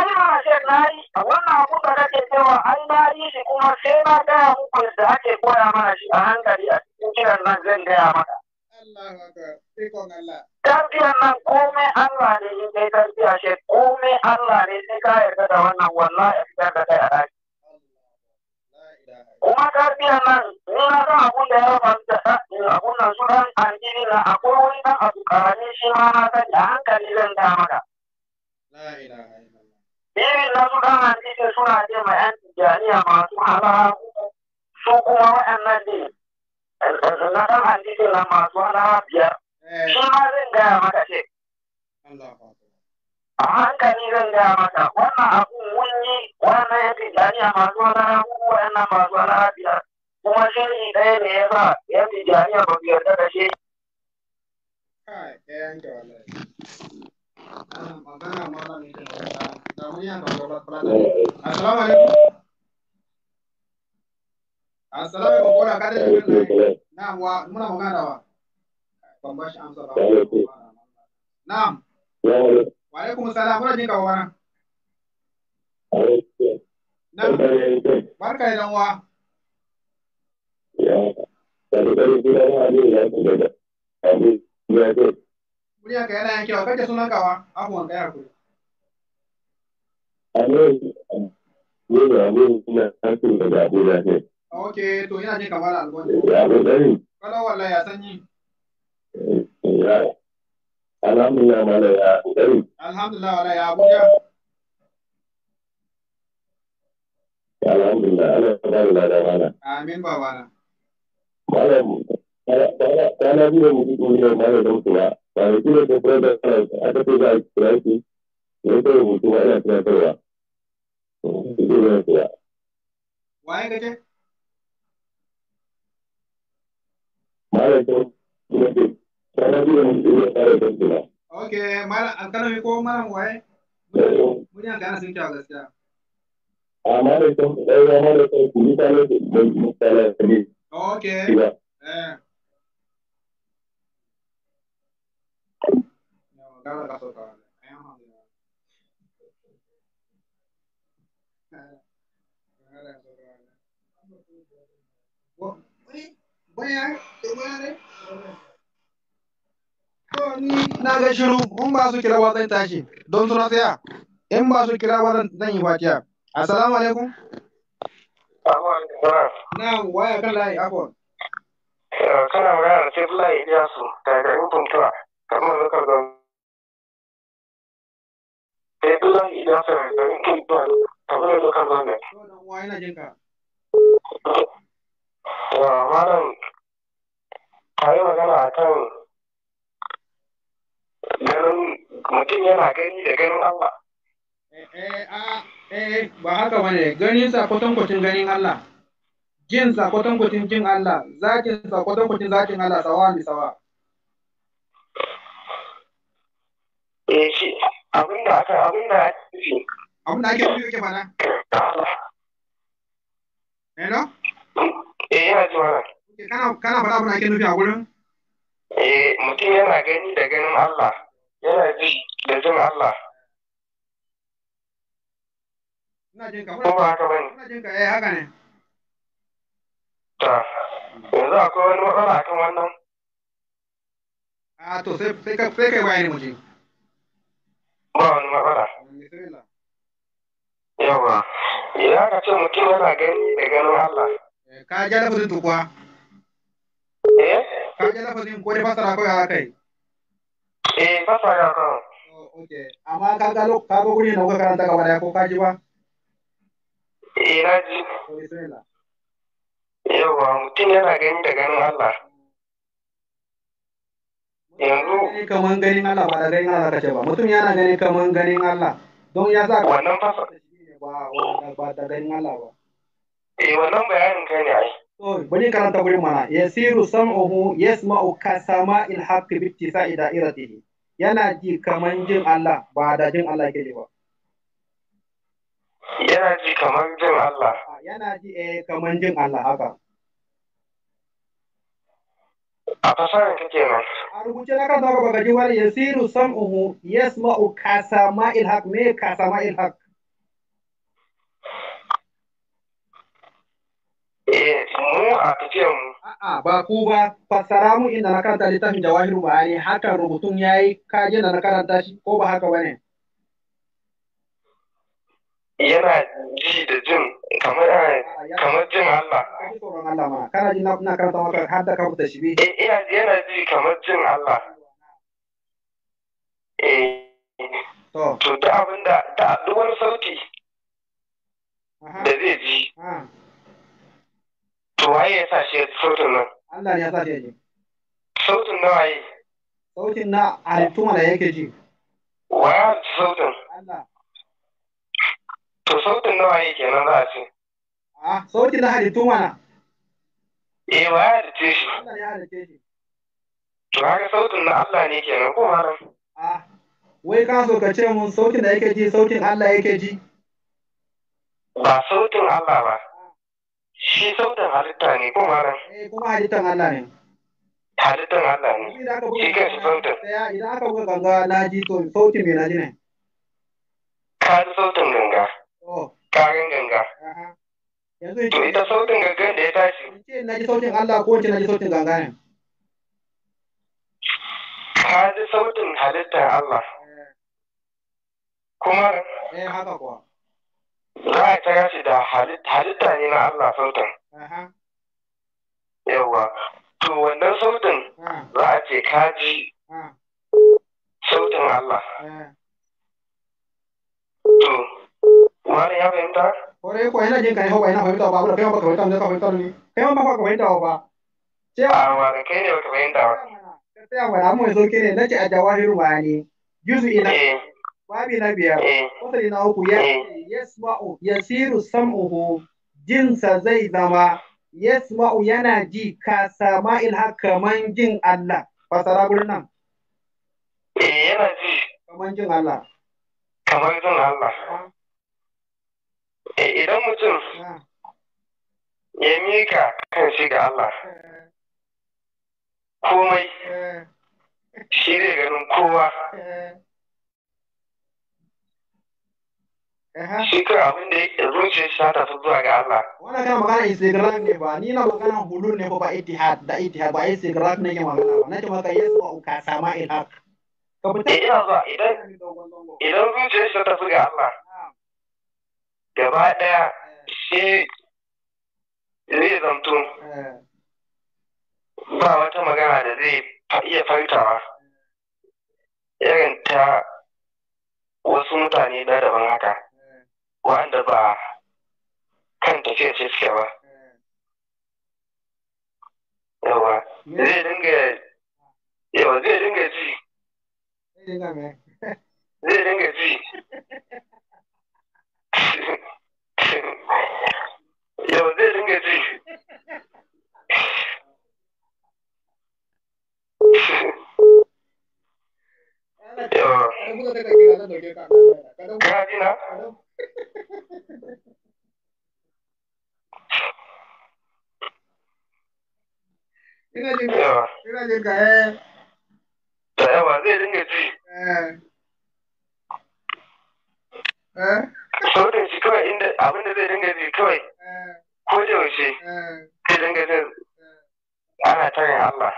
yi na yi wannan da cewa ai na kuma sai na gaya muku yadda ake koya mana shi a hankali a cikin kiran nan zan gaya maka. nan komai Allah ne in kai tarbiyya shi komai Allah ne sai ka yarda da wannan wallahi fitar da kai a kuma karfiya ni na san abun da ya raba da abun nan su dan aljini na wani dan abu karami shi hankali zan maka na suna ce yan tijaniya masu halala su kuma waɗannan ne na dan masu biyar gaya maka ce Allah a hankali zan gaya maka wannan abun mun yi wannan ya tijaniya masu wani rabu wannan masu wani rabiya kuma shiri ɗaya ne ya sa ya ba biyar da shi. Assalamu alaikum. Assalamu alaikum da kada Wa alaikum salam kuna jin ka wana. barka da wa. Ya. Sai da gida na ne ya ku da. Amin. Ya ce. Muriya ka yana yankewa kace sunan ka wa abuwan kai hakuri. Amin. Ni da amin da hankali da abuja ne. Ok, to yana jin kamar alƙawari. Ya ku dani. Kalau wallahi ya sanyi. Eh, Alhamdulillah mala ya kokari. Alhamdulillah wala ya ya ba da lada mana. Amin babana. Malam kwana biyu da mutum duniyar malam da mutuwa ba da kira da kuma da aka ce za a kira shi da ya kira mutum ba ina tunatarwa. Malam okay ok malam alkalami ko malam waye mun yi gana sun kyau gaskiya amma da kan ɗaya amma da kan ku mutane da mutane ne ok eh Bueno, bueno, bueno, bueno. na ga shiru in ba su kira ba zan tashi don suna tsaya in ba su kira ba zan yi fatiya assalamu alaikum na waya kan layi akon kana magana da sai layi iya su daga garin puntuwa kamar lokal gwamnati sai layi iya su daga garin puntuwa kamar lokal gwamnati wa malam a yi magana a kan mutum yana gani da ganin Allah eh, eh, ah, eh ba haka bane ganin sa kwatankwacin ganin Allah jin sa kwatankwacin jin Allah zakin sa kwatankwacin zakin Allah sawa mi sawa eh shi abinda aka abinda ake abinda ake nufi yake fada hello eh yana jiwa kana kana fada abinda ake nufi a gurin eh mutum yana gani da ganin Allah yana ji da jin Allah ko ba haka bane eh haka ne ta yanzu akwai wani matsala akan wannan a ah, to sai sai ka sai kai bayani mutum. ba wani matsala yawa idan aka ce mutum yana gani da ganin Allah eh, ka ja kuwa ka ji lafazin ko dai fasara kawai haka yi eh fasara kawai oh, Okay. Amma ka ga ka ga guri na kuka karanta gaba daya ko ka ba? Eh na ji. Oh, Yawa mutum yana gani da ganin Allah. Yanzu kaman ganin Allah ba da ganin Allah Mutum ganin Allah. Don ya sa ganin Allah eh, kai ne bari karanta gurin mana yasiru sam'uhu yasma'u kasama il haqqi bi ittisa'i da'iratihi yana ji kaman jin Allah ba da jin Allah ke ne ba yana ji kaman jin Allah yana ji eh kaman jin Allah haka a fasarar kake nan a rubuce na kan zaka baka ji wani yasiru sam'uhu yasma'u kasama il haqq me kasama il eh mu a ce mu. A'a ba ku ba fassara mu inda na karanta littafin jawahiru ma'ani hakan rubutun ya yi kaji na karanta shi ko ba haka ne? Yana ji da jin kamar eh, kamar jin Allah. Kana ji na karanta maka har da ka shi bi. Eh, yana ji kamar jin Allah. Eh. To da abin da da wani sauti da zai ji. To waye ya sa shi sautin nan? Allah ne ya sa shi ji. Sautin na waye? Sautin na halittu mana yake ji. Waya sautin? Allah. To sautin na waye kenan za a ce? A! sautin na halittu mana. Eh, waya halitte shi? Allah ne ya halitte shi. To haka sautin na Allah ne kenan ko haram? Ah, wai ka so ka ce mun sautin da yake ji sautin Allah yake ji? Ba sautin Allah ba. shi sautin halitta ne ko malam eh, kuma halittan Allah ne halittan Allah ne shi kan shi sautin idan aka buga ganga na ji to sautin me na ji ne ka ji sautin ganga karin ganga to ita sautin ganga da ya tashi ce na ji sautin Allah ko ce na ji sautin ganga ne ka ji sautin halittar Allah eh. kuma eh haka kuwa Za ta ya da halitta ne na Allah sautin. Yawwa, to wannan sautin za a ce kaji sautin Allah. To, wani ya fahimta? Ore ko yana jin kai hawa yana fahimta ba, abu da kai ba ka fahimta ne ka fahimta ne. Kai ba ka fahimta ba. A wa da kai ne baka fahimta ba. Sai a wani amma yanzu kire nace a jawahiru ba ne. Juzu ina. Eh. babi na biyar eh. wasali na uku eh. yasma'u yasiru sam'uhu jinsa zai zama yasma'u yana ji ka sama ilha kaman jin Allah fasara birnin eh yana ji kaman jin Allah kaman jin Allah ah. eh, idan mutum ah. ya mika kan shi ga Allah komai shi ne ganin kowa shi kawai abin da yake zuciyar shi ta tafi zuwa ga Allah wannan kana magana istighraq ne ba ni na magana hulul ne ba ittihad da ittihad ba istighraq ne ke magana ba nace maka yasu ka sama ilhaq ka fita eh, ina zuwa idan idan zuciyar shi ta tafi ga Allah gaba ɗaya shi zai zanto eh. ba wata magana da zai iya fartawa irin ta wasu mutane da daban haka wa'anda ba kan tafiya ce suke ba yawa zai dinga yawa zai dinga ji zai dinga ji yawa zai dinga ji yawa ka ji na Ina eh. dinga kawai zai dinga eh. Eh? kawai. Ko da Zai dinga eh. Allah.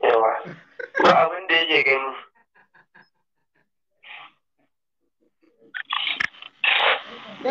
Yawa. Ba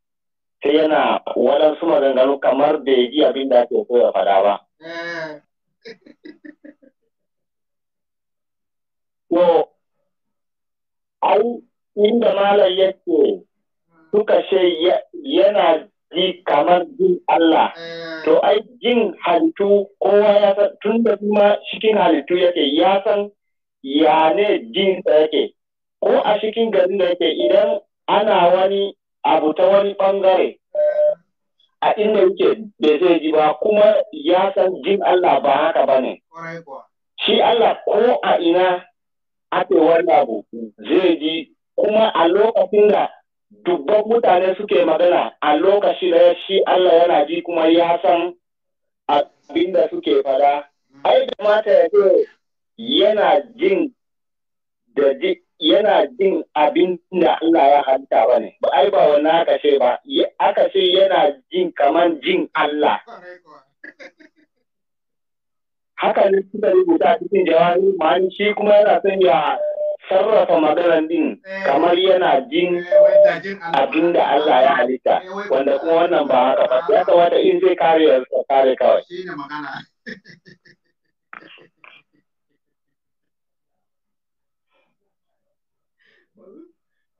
sai yana waɗansu maganganu kamar bai ji abin da ake faɗa ba. Ah. To, ai, inda malam yake suka ce yana ji kamar jin Allah. Ah. To, ai, jin halittu kowa ya san tun da kuma cikin halittu yake ya san ya ne jin yake. Ko a cikin garin da yake idan ana wani abu ta wani bangare a inda yake bai zai ji ba kuma ya san jin Allah ba haka ba ne. Shi Allah ko a ina ake wani abu zai ji kuma a lokacin da dubban mutane suke magana a lokaci da shi Allah yana ji kuma ya san abin da suke fada. Mm. Ai da mata ya ce yana jin da ji yana jin abin da Allah ya halitta ba ne. Ba ai ba wani aka ce ba, aka ce yana jin kaman jin Allah. Haka ne suka rubuta cikin jawabi ma'ani shi kuma yana son ya sarrafa maganar din eh. kamar yana jin eh, abin da Allah ya halitta eh, wanda kuma wannan ba haka ba ah. ya kamata in zai kare ya kare kawai.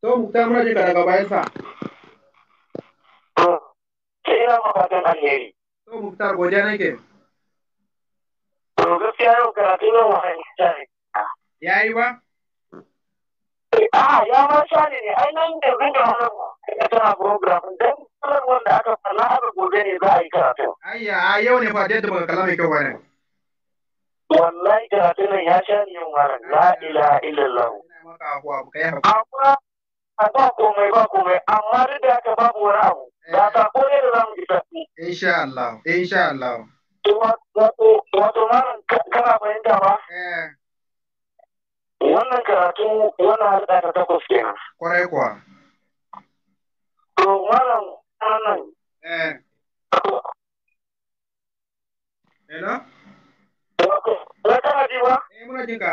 To Mukta muna ka daga bayan sa. Sai ina ma fatan alheri. To Mukta godiya nake. To gaskiya yau karatu na wahayi ne. Ya yi ba? Ah, ya ma sha ne ne, ai nan da rinda wani ya tana program don kalar wanda aka fara aka gobe ne za a yi karatu. Ayya, a yau ne ba da yadda baka kalla mai kyau bane. Wallahi karatu nan ya sha ne yin waran, la ilaha illallah. Amma a ba komai ba komai amma duk da haka babu wani abu da eh. sako ne da zamu isa insha Allah insha Allah wato wato malam kana fahimta ba eh. wannan karatu wannan halda ta takwas kenan kwarai kuwa to malam wannan eh hello wato kana ji ba eh muna jinka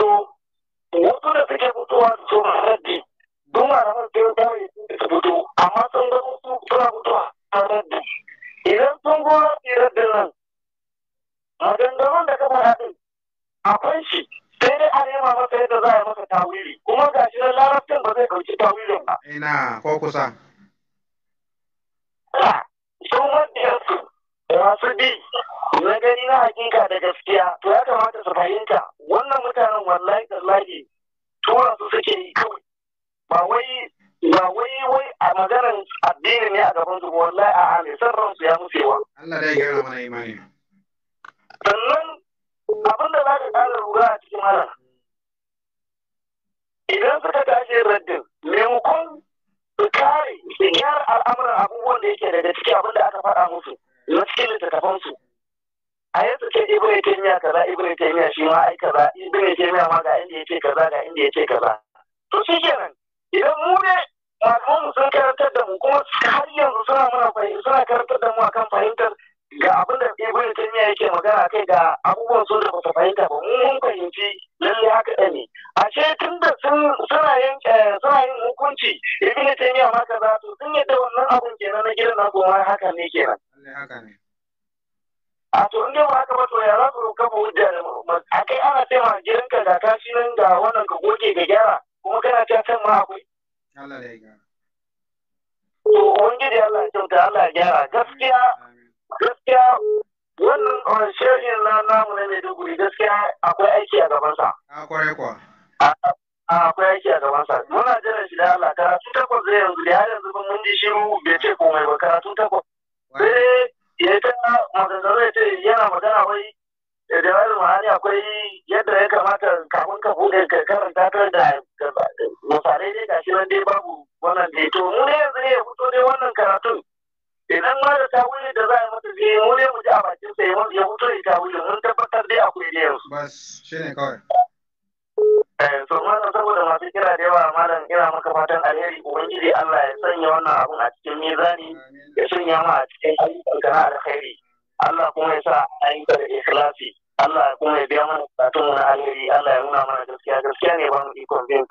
to wasu da suke fitowa su so raddi duk malaman sai ya dare su fito amma sun ga su suna fitowa a raddi idan sun go raddi raddin nan maganganun da kafa haɗin akwai shi sai dai a nema masa yadda za a masa tawili kuma ga shi na larabcin ba zai ɗauki tawilin ba. ina ko kusa. sun raddi yansu masu bi na gani na hakika da gaskiya to ya kamata su fahimta wannan mutanen wallahi tallahi tura su suke yi kawai ba wai ba wai wai a maganar addini ne a gaban su wallahi a'a ne san ransu ya musewa Allah dai mana imani sannan abin da za ka kara lura a cikin mana idan suka tashi raddin maimakon su kare su gyara al'amuran abubuwan da yake daga cikin abin da aka faɗa musu na cikin littattafan su a yanzu ce ibn miya kaza ya ibn miya shi ma ai kaza ibn taymiya ma ga inda yace kaza ga inda yace kaza to shi kenan idan mu ne malaman sun karantar da mu kuma har yanzu suna mana fahimta suna karantar da mu akan fahimtar ga abin da ibn ya yake magana kai ga abubuwan sun da basu fahimta ba mun fahimci lalle haka ne a ce tun da eh, suna yin hukunci, ibi hukunci ibn ya ma kaza to sun yadda wannan abun kenan na gidan nasu ma haka ne kenan haka ne a to in dai ba haka ba to ya za su kafa hujja a kai ana ce ma gidanka ga kashi nan ga wannan ka goge ga gyara kuma kana ta san ma akwai Allah ya gyara to ubangiji Allah ya kyauta Allah ya gyara gaskiya gaskiya wannan shejin na namu na Maiduguri gaskiya akwai aiki a gabansa. Akwai kuwa. Akwai aiki a gabansa. Muna jiran shi da Allah karatu takwas zai yanzu da yanzu ba mun ji shiru bai ce komai ba karatu takwas. Sai ya ta magana ya ce yana magana wai da wani ma'ani akwai yadda ya kamata kafin ka bude ka karanta ta da misalai dai gashi nan dai babu wannan dai to mu ne yanzu ne ya fito dai wannan karatun idan ma da tawili da za a mata zai mu ne mu ji a bakin sa ya mutu da tawili mun tabbatar dai akwai da yanzu bas shine kawai eh saboda masu kira da yawa malam ina maka fatan alheri ubangiji Allah ya sanya wannan abun a cikin mizani ya sanya ma a cikin ayyukan da na alheri Allah kuma ya sa ayyuka da ikhlasi Allah kuma ya biya mana bukatun na alheri Allah ya nuna mana gaskiya gaskiya ne ba mu ikon bin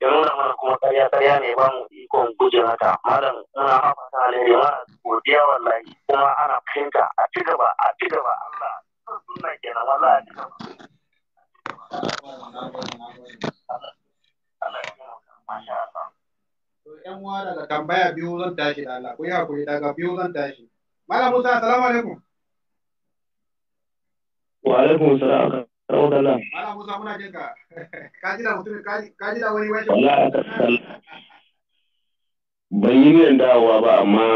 ya nuna mana kuma karya karya ne ba mu ikon guje haka malam muna hafata ne ma godiya wallahi kuma ana fahimta a ci gaba a ci gaba Allah sunna kenan wallahi a ci gaba yan uwa daga tambaya biyu zan tashi da Allah ku yi hakuri daga biyu zan tashi malam Musa salamu alaikum wa alaikum assalam Ban yi yin dawowa ba amma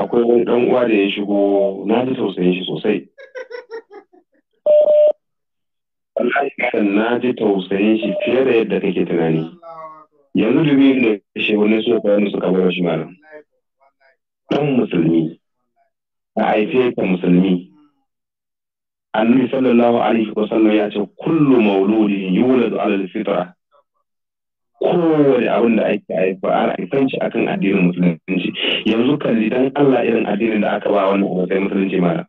akwai wani 'ɗan uwa da ya shigo na ji tausayin shi sosai. Wallahi kan na ji tausayin shi fiye da yadda kake tunani. Yanzu dubi da shi wani so bayani suka bayar shi malam. Ɗan musulmi. A haife ka musulmi. annabi sallallahu alaihi wa sallam ya ce kullu mauludin yuladu ala alfitra kowane abin da ake haifa ana haifan shi akan addinin musulunci yanzu kan dan Allah irin addinin da aka ba wani ba sai musulunci mara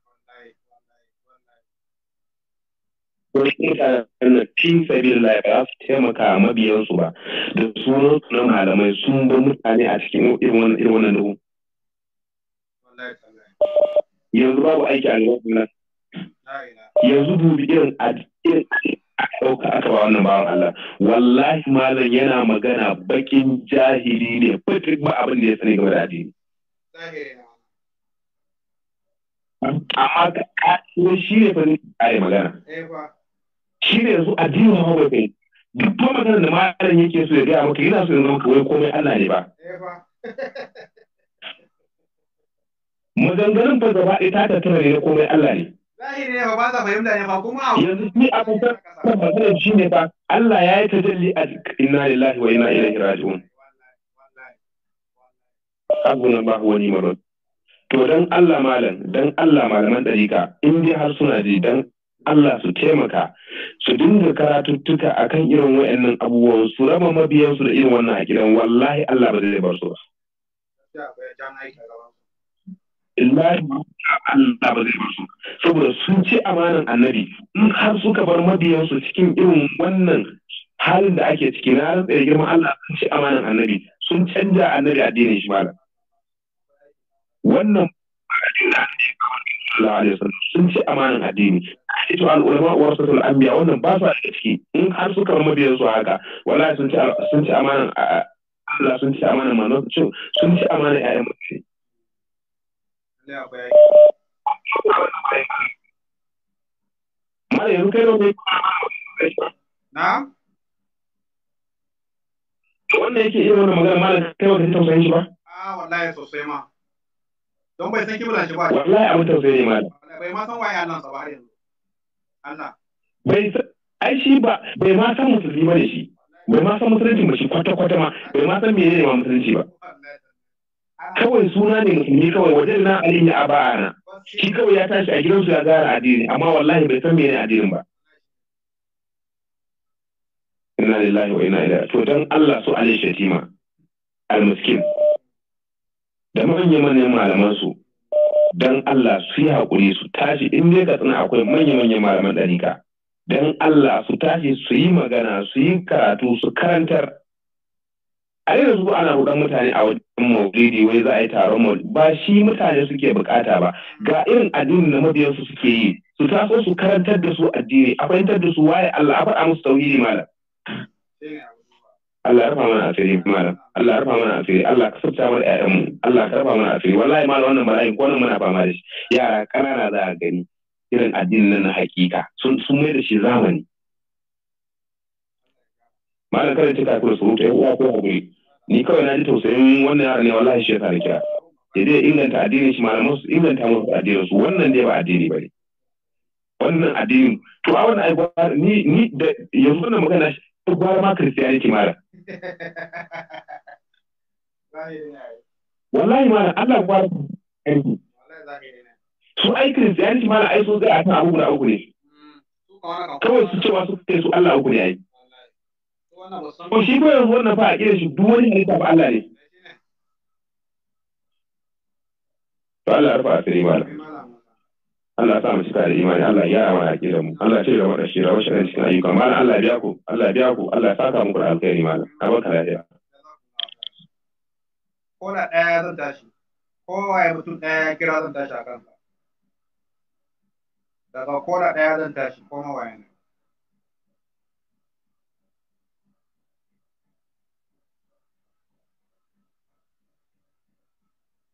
wannan fi sabilillah ba su taimaka mabiyansu ba da sunan su na malamai sun bar mutane a cikin irin wannan duhu yanzu babu aiki a gaban yanzu dubi irin a ɗauka aka ba wannan bawan Allah wallahi malam yana magana bakin jahili ne fitik ba abin da ya sani game da addini amma ka kasuwa shi ne fa kare magana shi ne yanzu addini ma ba duk ba magana da malam yake so ya gaya maka yana so ya zama kawai komai Allah ne ba maganganun ba gaba ita ta tare da komai Allah ne Zahiri ne ba sa da shi ne ba Allah ya yi tajalli a inna lillahi wa inna ilaihi raji'un. Abu na ba wani marot. To dan Allah malam, dan Allah malaman dariƙa, in dai har suna ji dan Allah su taimaka su dinga karatuttuka kan irin wa'annan abubuwan su raba mabiyansu da irin wannan a gidan wallahi Allah ba zai bar su ba. illahi Allah ba zai bar su saboda sun ci amanan annabi in har suka bar mabiyansu cikin irin wannan halin da ake ciki na rantsa da girman Allah sun ci amanan annabi sun canja annabi addinin shi malam wannan sun ci amanan addini ito al'ulama wa rasul anbiya wannan ba su da ciki in har suka bar mabiyan su haka wallahi sun ci sun amanan Allah sun ci amanan manzo sun ci amanan ayyan mutum Mala yanzu kai ne Na? Wannan yake irin wannan ma'ana mala kai baka ji tausayin shi ba? Ah wallahi sosai san kibla shi ba. Wallahi abin tausayi ne mala. Bai ma san waye Allah sa ba har yanzu. Allah. Bai ai shi ba bai ma san musulmi ba da shi. Bai ma san musulunci ba shi kwata-kwata ma bai ma san menene ma musulunci ba. kawai suna ne musulmi kawai wajen na alin ya aba ana shi kawai ya tashi a gidansu ya gara addini amma wallahi bai san mene addinin ba inna lillahi wa inna ilaihi to dan Allah su alai shatima almiskin da manyan manyan malaman su dan Allah su yi hakuri su tashi in dai ka tsana akwai manyan manyan malaman dariƙa dan Allah su tashi su yi magana su yi karatu su karantar a yanzu ana rudan mutane a wajen maulidi wai za a yi taron maulidi ba shi mutane suke bukata ba ga irin addini na mabiyansu suke yi su taso su karantar da su addini a fahimtar da su waye Allah a faɗa musu tauhidi malam Allah ya rufa mana asiri malam Allah ya rufa mana asiri Allah ka sabta mana ƴaƴanmu Allah ka rufa mana asiri wallahi malam wannan bala'in ko nan muna fama da shi yara ƙanana za a gani irin addinin nan na hakika sun sun mai da shi zamani malam kada ce ka kula surutu ya uwa ko hakuri ni kawai na ji tausayin wannan yaran ne wallahi shi ya sa kira ya dai inganta addinin shi malaman su inganta musu addinin su wannan ne ba addini ba ne wannan addini to a wannan aibar ni ni da yanzu wannan magana shi gwara ma kristiyaniti mara wallahi mara Allah gwara kristiyaniti su ai kristiyaniti mara ai so zai a kan abubuwa uku ne kawai su cewa su kai su Allah uku ne ai Ko shi ba yanzu wannan fa a kira shi duk wani halitta ba Allah ne. To Allah rufa asiri mana. Allah sa mu cika da imani Allah ya yi mana akida mu Allah ce da mata shi rawa shirin cikin ayyuka mana Allah biya ku Allah biya ku Allah saka muku da alkhairi mana a baka lafiya. Ko da ɗaya zan tashi kowa waye mutum ɗaya kira zan tashi a kansa. Daga ko da ɗaya zan tashi ko waye ne.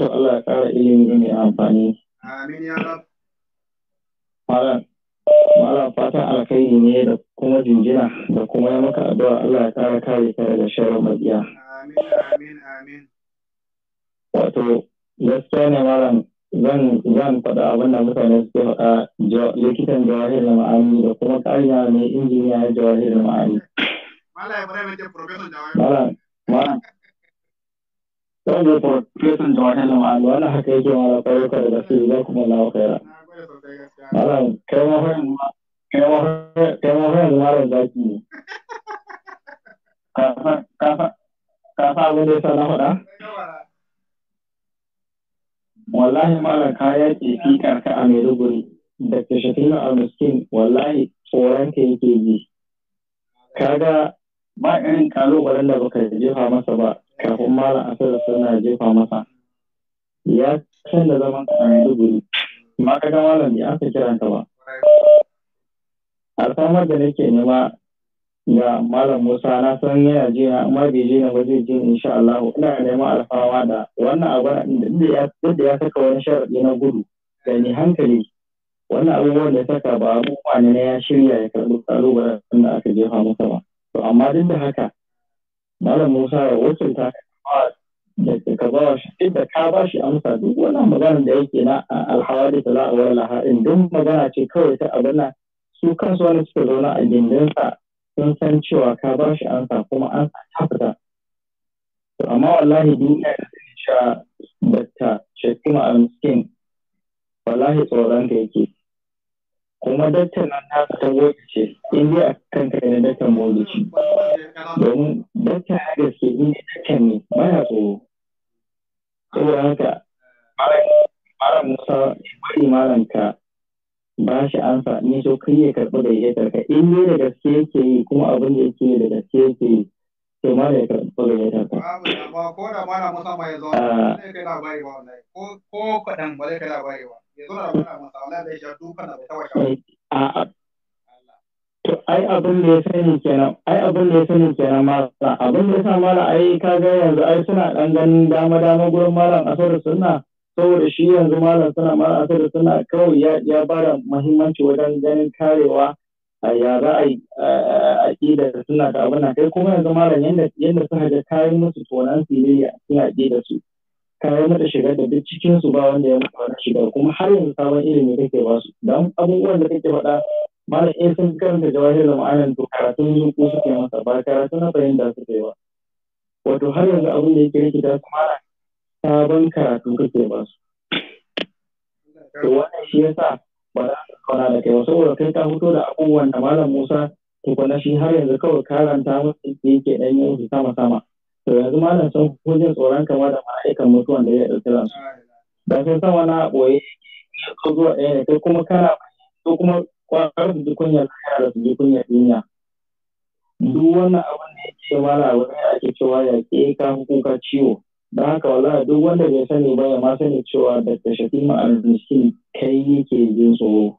to Allah ya ƙara ilimi mai amfani. Amin ya rab. Malam, malam fatan alkhairi ne da kuma jinjina da kuma ya maka addu'a Allah ya ƙara kare ka daga sharrin mabiya. Amin amin amin. Wato gaskiya ne malam zan zan faɗa abin da mutane suke faɗa likitan jawahir da ma'ani da kuma ƙarya ne injiniya jawahir da ma'ani. Malam Ibrahim ya ce professor jawahir. Malam, malam. saboda farfesan da wani lamari wani haka yake mara farko da gaske za kuma lawa kaira malam kai ma fahim kai ma fahim malam zaki ne ka fa abin da yasa na faɗa wallahi malam ka yaƙi fikar ka a maiduguri da Al-Muskin, wallahi tsoron ka yake ji kaga ba irin kalubalen da baka jefa masa ba kafin malam asar suna jefa masa ya san da zaman ka a Maiduguri ma ka ga malam ya aka kiran ka ba samar da nake nema ga malam Musa na san yana je na amma bai je na ba zai je insha Allah ina neman alfama da wannan abu da ya da ya saka wani sharadi na gudu da ni hankali wannan abubuwan da saka ba abubuwa ne na ya shirya ya karɓi ba da aka jefa masa ba to amma duk da haka malam musa wacin ta da ka ba shi duk ka ba shi amsa duk wannan maganar da yake na alhawari da la'awar laharin duk magana ce kawai ta abana su kansu wani suka zauna a gindinsa sun san cewa ka ba shi amsa kuma an ta fita to amma wallahi duniya da ta sha batta shekuma a miskin wallahi tsoron ka yake kuma datta nan ta ta wata ce in a kan kai na dattan mawuci domin datta na gaske in dai dattan ne baya tsoro saboda haka malam musa bari malam ka ba shi ansa ni so kai ya karɓi da ya karka inda da gaske yake yi kuma abin da yake da gaske yake yi to ma ne kan magana ta ba ko na ya ah. kai labari ba ko ba zai kai labari ba ya duka to ai abin da ya sani kenan ai abin da ya sani kenan mala abin da ya sa mala ai kaga yanzu ai suna dan ganin dama dama gurin malam asar suna saboda shi yanzu malam suna malam asar suna kawai ya ya bada muhimmanci wajen ganin karewa ya za a yi da suna da abin nan kai kuma yanzu malam yadda suka ga kayan musu tonan siriya suna cikin su kayan mata shiga da duk cikin su ba wanda ya mutu wani shiga kuma har yanzu sabon ilimi kake ba su don abubuwan da kake faɗa malam in eh, sun karanta jawahir da ma'anar to karatun zuƙu suke masa ba karatun na fahimta suke ba wato har yanzu abin da yake rikita su malam sabon karatun kake ba su to wannan shi yasa ba za kauna da kai ba saboda kai ka fito da abubuwan da malam Musa kwana shi har yanzu kawai karanta musu yake dan yin su sama sama to yanzu malam sun kujin tsoron kama da ma'aikan mutuwan da ya ɗauki ransu da sun sama na ɓoye ya zuwa ɗaya ne kai kuma kana ko kuma kwakwar su ji kunyar lahira da su ji kunyar duniya duk wannan abin da yake mala abin da ake cewa ya ke ka kuka ciwo don haka wala duk wanda bai sani ba ya ma sani cewa Dr. Shatima Al-Miskin kai yake jin tsoro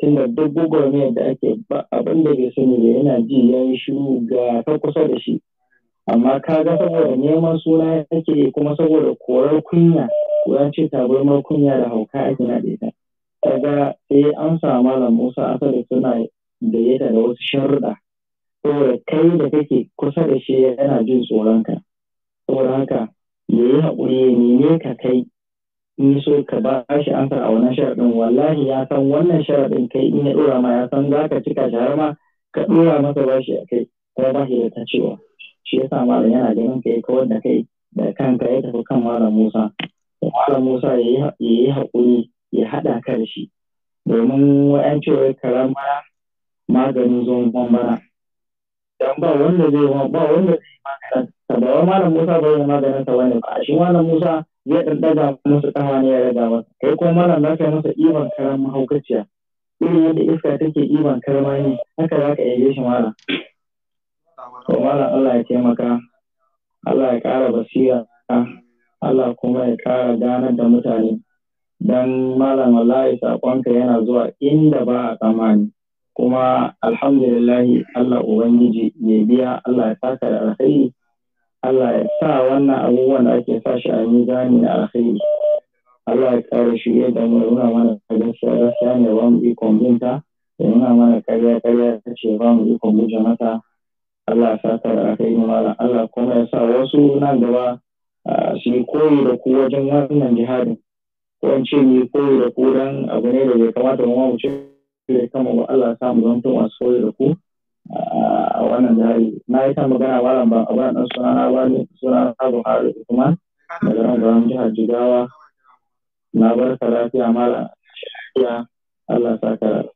tunda duk gwagwarmayar da ake ba abin da bai sani da yana ji ya yi shiru ga ta kusa da shi amma ka ga saboda neman suna yake kuma saboda korar kunya ko ce tabarmar kunya da hauka ake naɗe ta kaga sai an samu malam Musa asali suna gayyata da wasu sharuɗa saboda kai da kake kusa da shi yana jin tsoronka saboda haka Yayi hakuri haƙuri ya ka kai in so ka ba shi ansar a wannan sharaɗin wallahi ya san wannan sharaɗin kai in ya ɗora ma ya san za ka cika shi har ma ka ɗora masa bashi a kai kuma ba shi da ta cewa shi yasa malam yana ganin ka ya kawar da kai da kanka ya tafi kan malam Musa malam Musa ya yi haƙuri ya haɗa kan shi domin wa'yan cewa karama maganin zuwan bambara dan ba wanda zai ma ba wanda zai magana ba malam Musa ba zai maganin sa wani ba shi malam Musa ya dan daga musu kawa ne ya daga ba. kai ko malam na kai masa iban karan mahaukaciya irin yadda iska take iban karma ne haka zaka yaje shi malam to malam Allah ya taimaka Allah ya kara basira Allah kuma ya kara ganar da mutane dan malam wallahi sakonka yana zuwa inda ba a tsammani kuma alhamdulillahi Allah Ubangiji ya biya Allah ya saka da alkhairi Allah ya sa wannan abubuwan da ake sa shi a mizani na alkhairi Allah ya kare shi ya da mu nuna mana gaskiya gaskiya ne ba mu ikon binta da nuna mana karya karya ta ce ba mu bi guje mata Allah ya saka da alkhairi malam Allah kuma ya sa wasu nan gaba su yi koyi da ku wajen wannan jihadin ko in ce mu yi koyi da ku dan abu ne da bai kamata mu ma mu ce cire kanmu ba Allah sa mu zanto masu da ku a wannan jari na yi kan magana malam ba a wannan suna na ba ne suna na Buhari Usman daga nan garin jihar Jigawa na barka lafiya malam ya Allah sa ka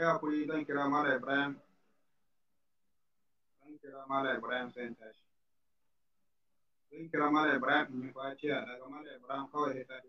ya kuri zan kira mala Ibrahim kira mala Ibrahim sai zan kira mala Ibrahim in yi kwaciya daga mala Ibrahim kawai sai tashi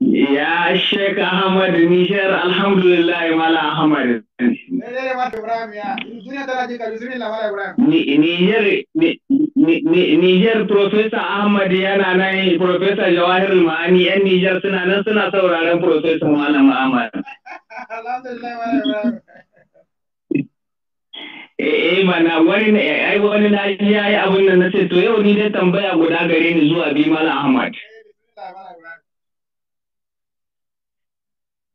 Ya Sheikh Ahmad Nishar alhamdulillah Mala Ahmad. Nijar Profesa Ahmad yana nan Profesa Jawahir Ma'ani yan Nijar suna nan suna sauraron Profesa Malam Ahmad. Eh mana wani na ai wani na yi abin nan ce to yau ni dai tambaya guda gare ni zuwa bi Malam Ahmad.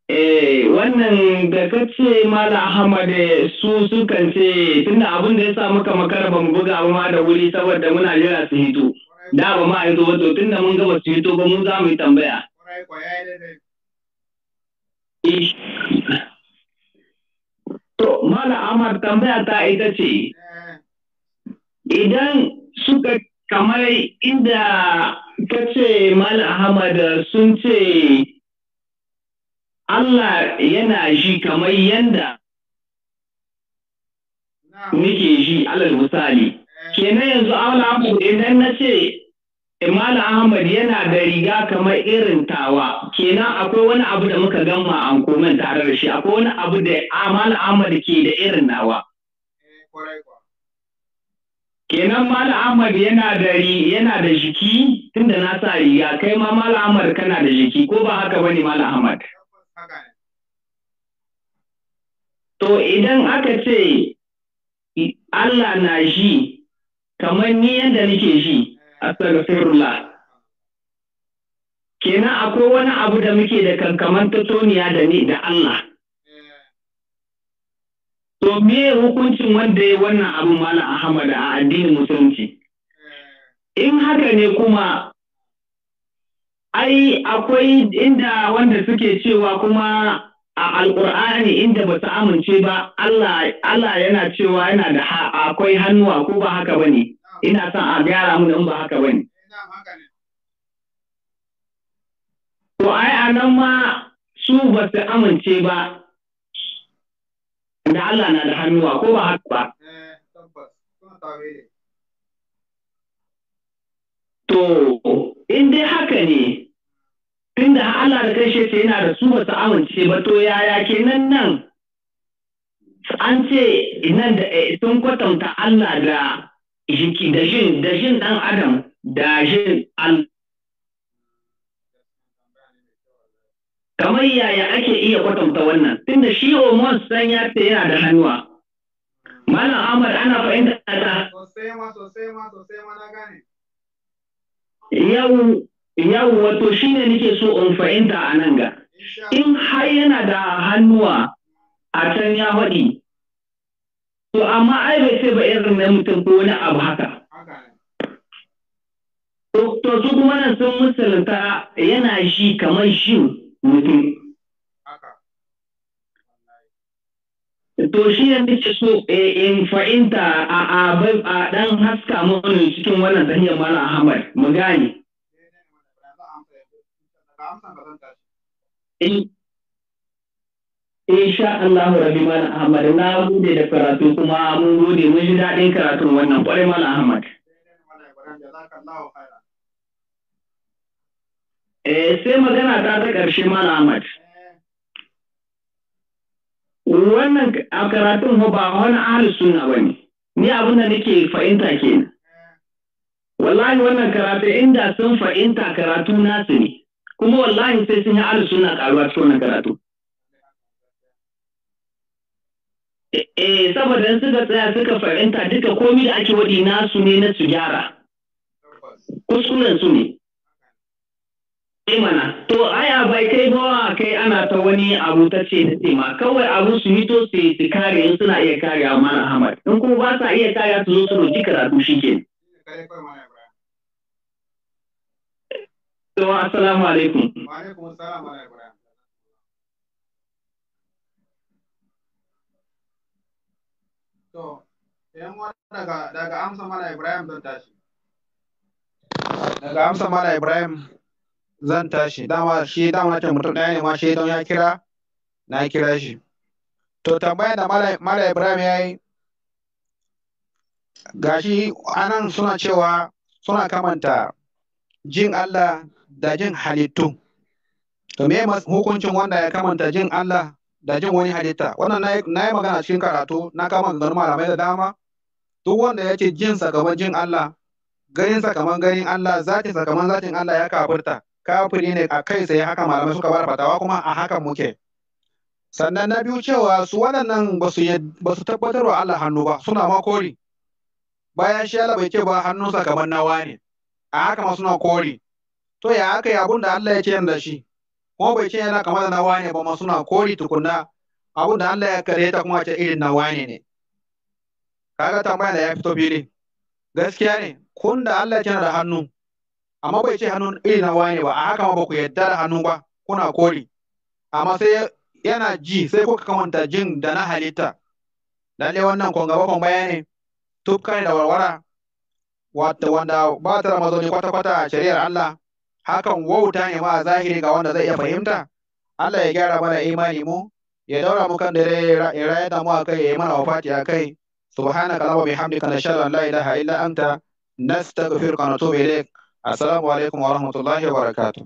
Eh, wannan da ka ce Malam Ahmad eh, su sukan ce tunda abin da ya sa muka makara ba mu buga ba ma da wuri saboda muna jira su hito. Da ba ma yanzu wato to tunda mun gaba su hito ba mun za mu yi tambaya. Eh. To Malam Ahmad tambaya ta ita ce idan suka kamar inda ka ce Malam Ahmad sun ce Allah yana ji kamar yanda muke ji alal misali eh. kenan yanzu Allah idan na ce Imala Ahmad yana da riga kamar irin tawa kenan akwai wani abu da muka gama an komen tare da shi akwai wani abu da Amala Ahmad ke da irin nawa eh, kenan Mala Ahmad yana da yana da jiki tunda na sa riga kai ma Mala Ahmad kana da jiki ko ba haka ba ne Mala Ahmad To idan aka ce Allah na ji kamar ni yadda nake ji, astaghfirullah. Kenan akwai wani abu da muke da kankaman tattoniya da ni da Allah. To me hukuncin wanda ya wannan abu Malam Ahmad a addinin musulunci? In haka ne kuma ai akwai inda wanda suke cewa kuma a alƙur'ani inda ba su amince ba Allah yana cewa yana da akwai hannuwa ko ba haka ba ne ina son a gyara mun in ba haka ba ne. To ai a nan ma su ba su amince ba da Allah na da hannuwa ko ba haka ba. To in dai haka ne Tunda Allah da kai ce yana da su ba su amince ba to yaya kenan nan an ce nan da eh, sun kwatanta Allah da jiki da jin da jin dan adam da jin kamar yaya ake iya kwatanta wannan tunda shi Omar san ya ce yana da hannuwa Malam Ahmad ana fahimta ta sosai ma sosai ma sosai ma na gane yau Yawwa to shi ne nike so in fahimta a nan ga. In har yana da hannuwa a can ya faɗi, to amma ai bai sai ba irin na mutum ko wani abu haka. To su kuma nan sun musulunta yana shi kamar shi mutum. To shi ne nike so in fahimta a ɗan haska mun cikin wannan zahiyar Malam Ahmad mu gane. Eh, insha Allah rabi Malam Ahmad na gode da karatu kuma mun gode mun ji daɗin karatun wannan ƙwarai Malam Ahmad. Eh sai magana ta ta ƙarshe Malam Ahmad. Wannan a karatun ba wani suna ba ne, Ni abin da nake fahimta kenan. Wallahi wannan karatu inda sun fahimta karatu nasu ne. kuma wallahi sai sun yi alu suna karuwa cikin wannan karatu eh, eh saboda in suka tsaya suka fahimta duka komi da ake wadi nasu ne na su gyara kuskuren su ne Eh mana to aya bai kai bawa kai ana ta wani abu ta ce ta ce ma kawai abu su yi to su su kare in suna iya kare ma Ahmad in kuma ba sa iya kare su zo su roki karatu shi ke. Wa assalamu alaikum. Wa alaikum assalam wa rahmatullah. To, daga amsa mala Ibrahim zan tashi. Daga amsa mala Ibrahim zan tashi. Dama shi dama ce mutum ɗaya ne ma shi don ya kira na kira shi. To tambaya da mala Ibrahim ya yi gashi anan suna cewa suna kamanta jin Allah da jin halittu to me hukuncin wanda ya kamanta jin Allah da jin wani halitta wannan na yi magana cikin karatu na kama ga ganin malamai da dama duk wanda ya ce jin sakamakon jin Allah ganin sakamakon ganin Allah zatin sakamakon zatin Allah ya kafirta kafiri ne a kai sai haka malamai suka bar fatawa kuma a haka muke sannan na biyu cewa su waɗannan ba su tabbatar wa Allah hannu ba suna ma kori bayan shi Allah bai ce ba hannunsa kamar nawa ne a haka ma suna kori to ya aka yi abun da Allah ya ce da shi kuma bai ce yana kamar na wane ba ma suna kori tukunna abun da Allah ya kare ta kuma ce irin na wane ne kaga tambaya da ya fito fili gaskiya ne kun da Allah ya ce da hannu amma bai ce hannun irin na wane ba a haka ma ba ku yarda da hannu ba kuna kori amma sai yana ji sai kuka kamanta jin da na halitta lalle wannan kun gaba kun bayani tufkar da warwara wanda ba ta da kwata-kwata a shari'ar Allah hakan wauta ne ma a zahiri ga wanda zai iya fahimta Allah ya gyara mana imani mu ya daura mu kan dare ya rayar da mu a kai ya yi mana wafati a kai subhanaka allahumma bihamdika nashhadu an la ilaha illa anta nastaghfiruka wa natubu ilaik assalamu alaikum wa rahmatullahi wa barakatuh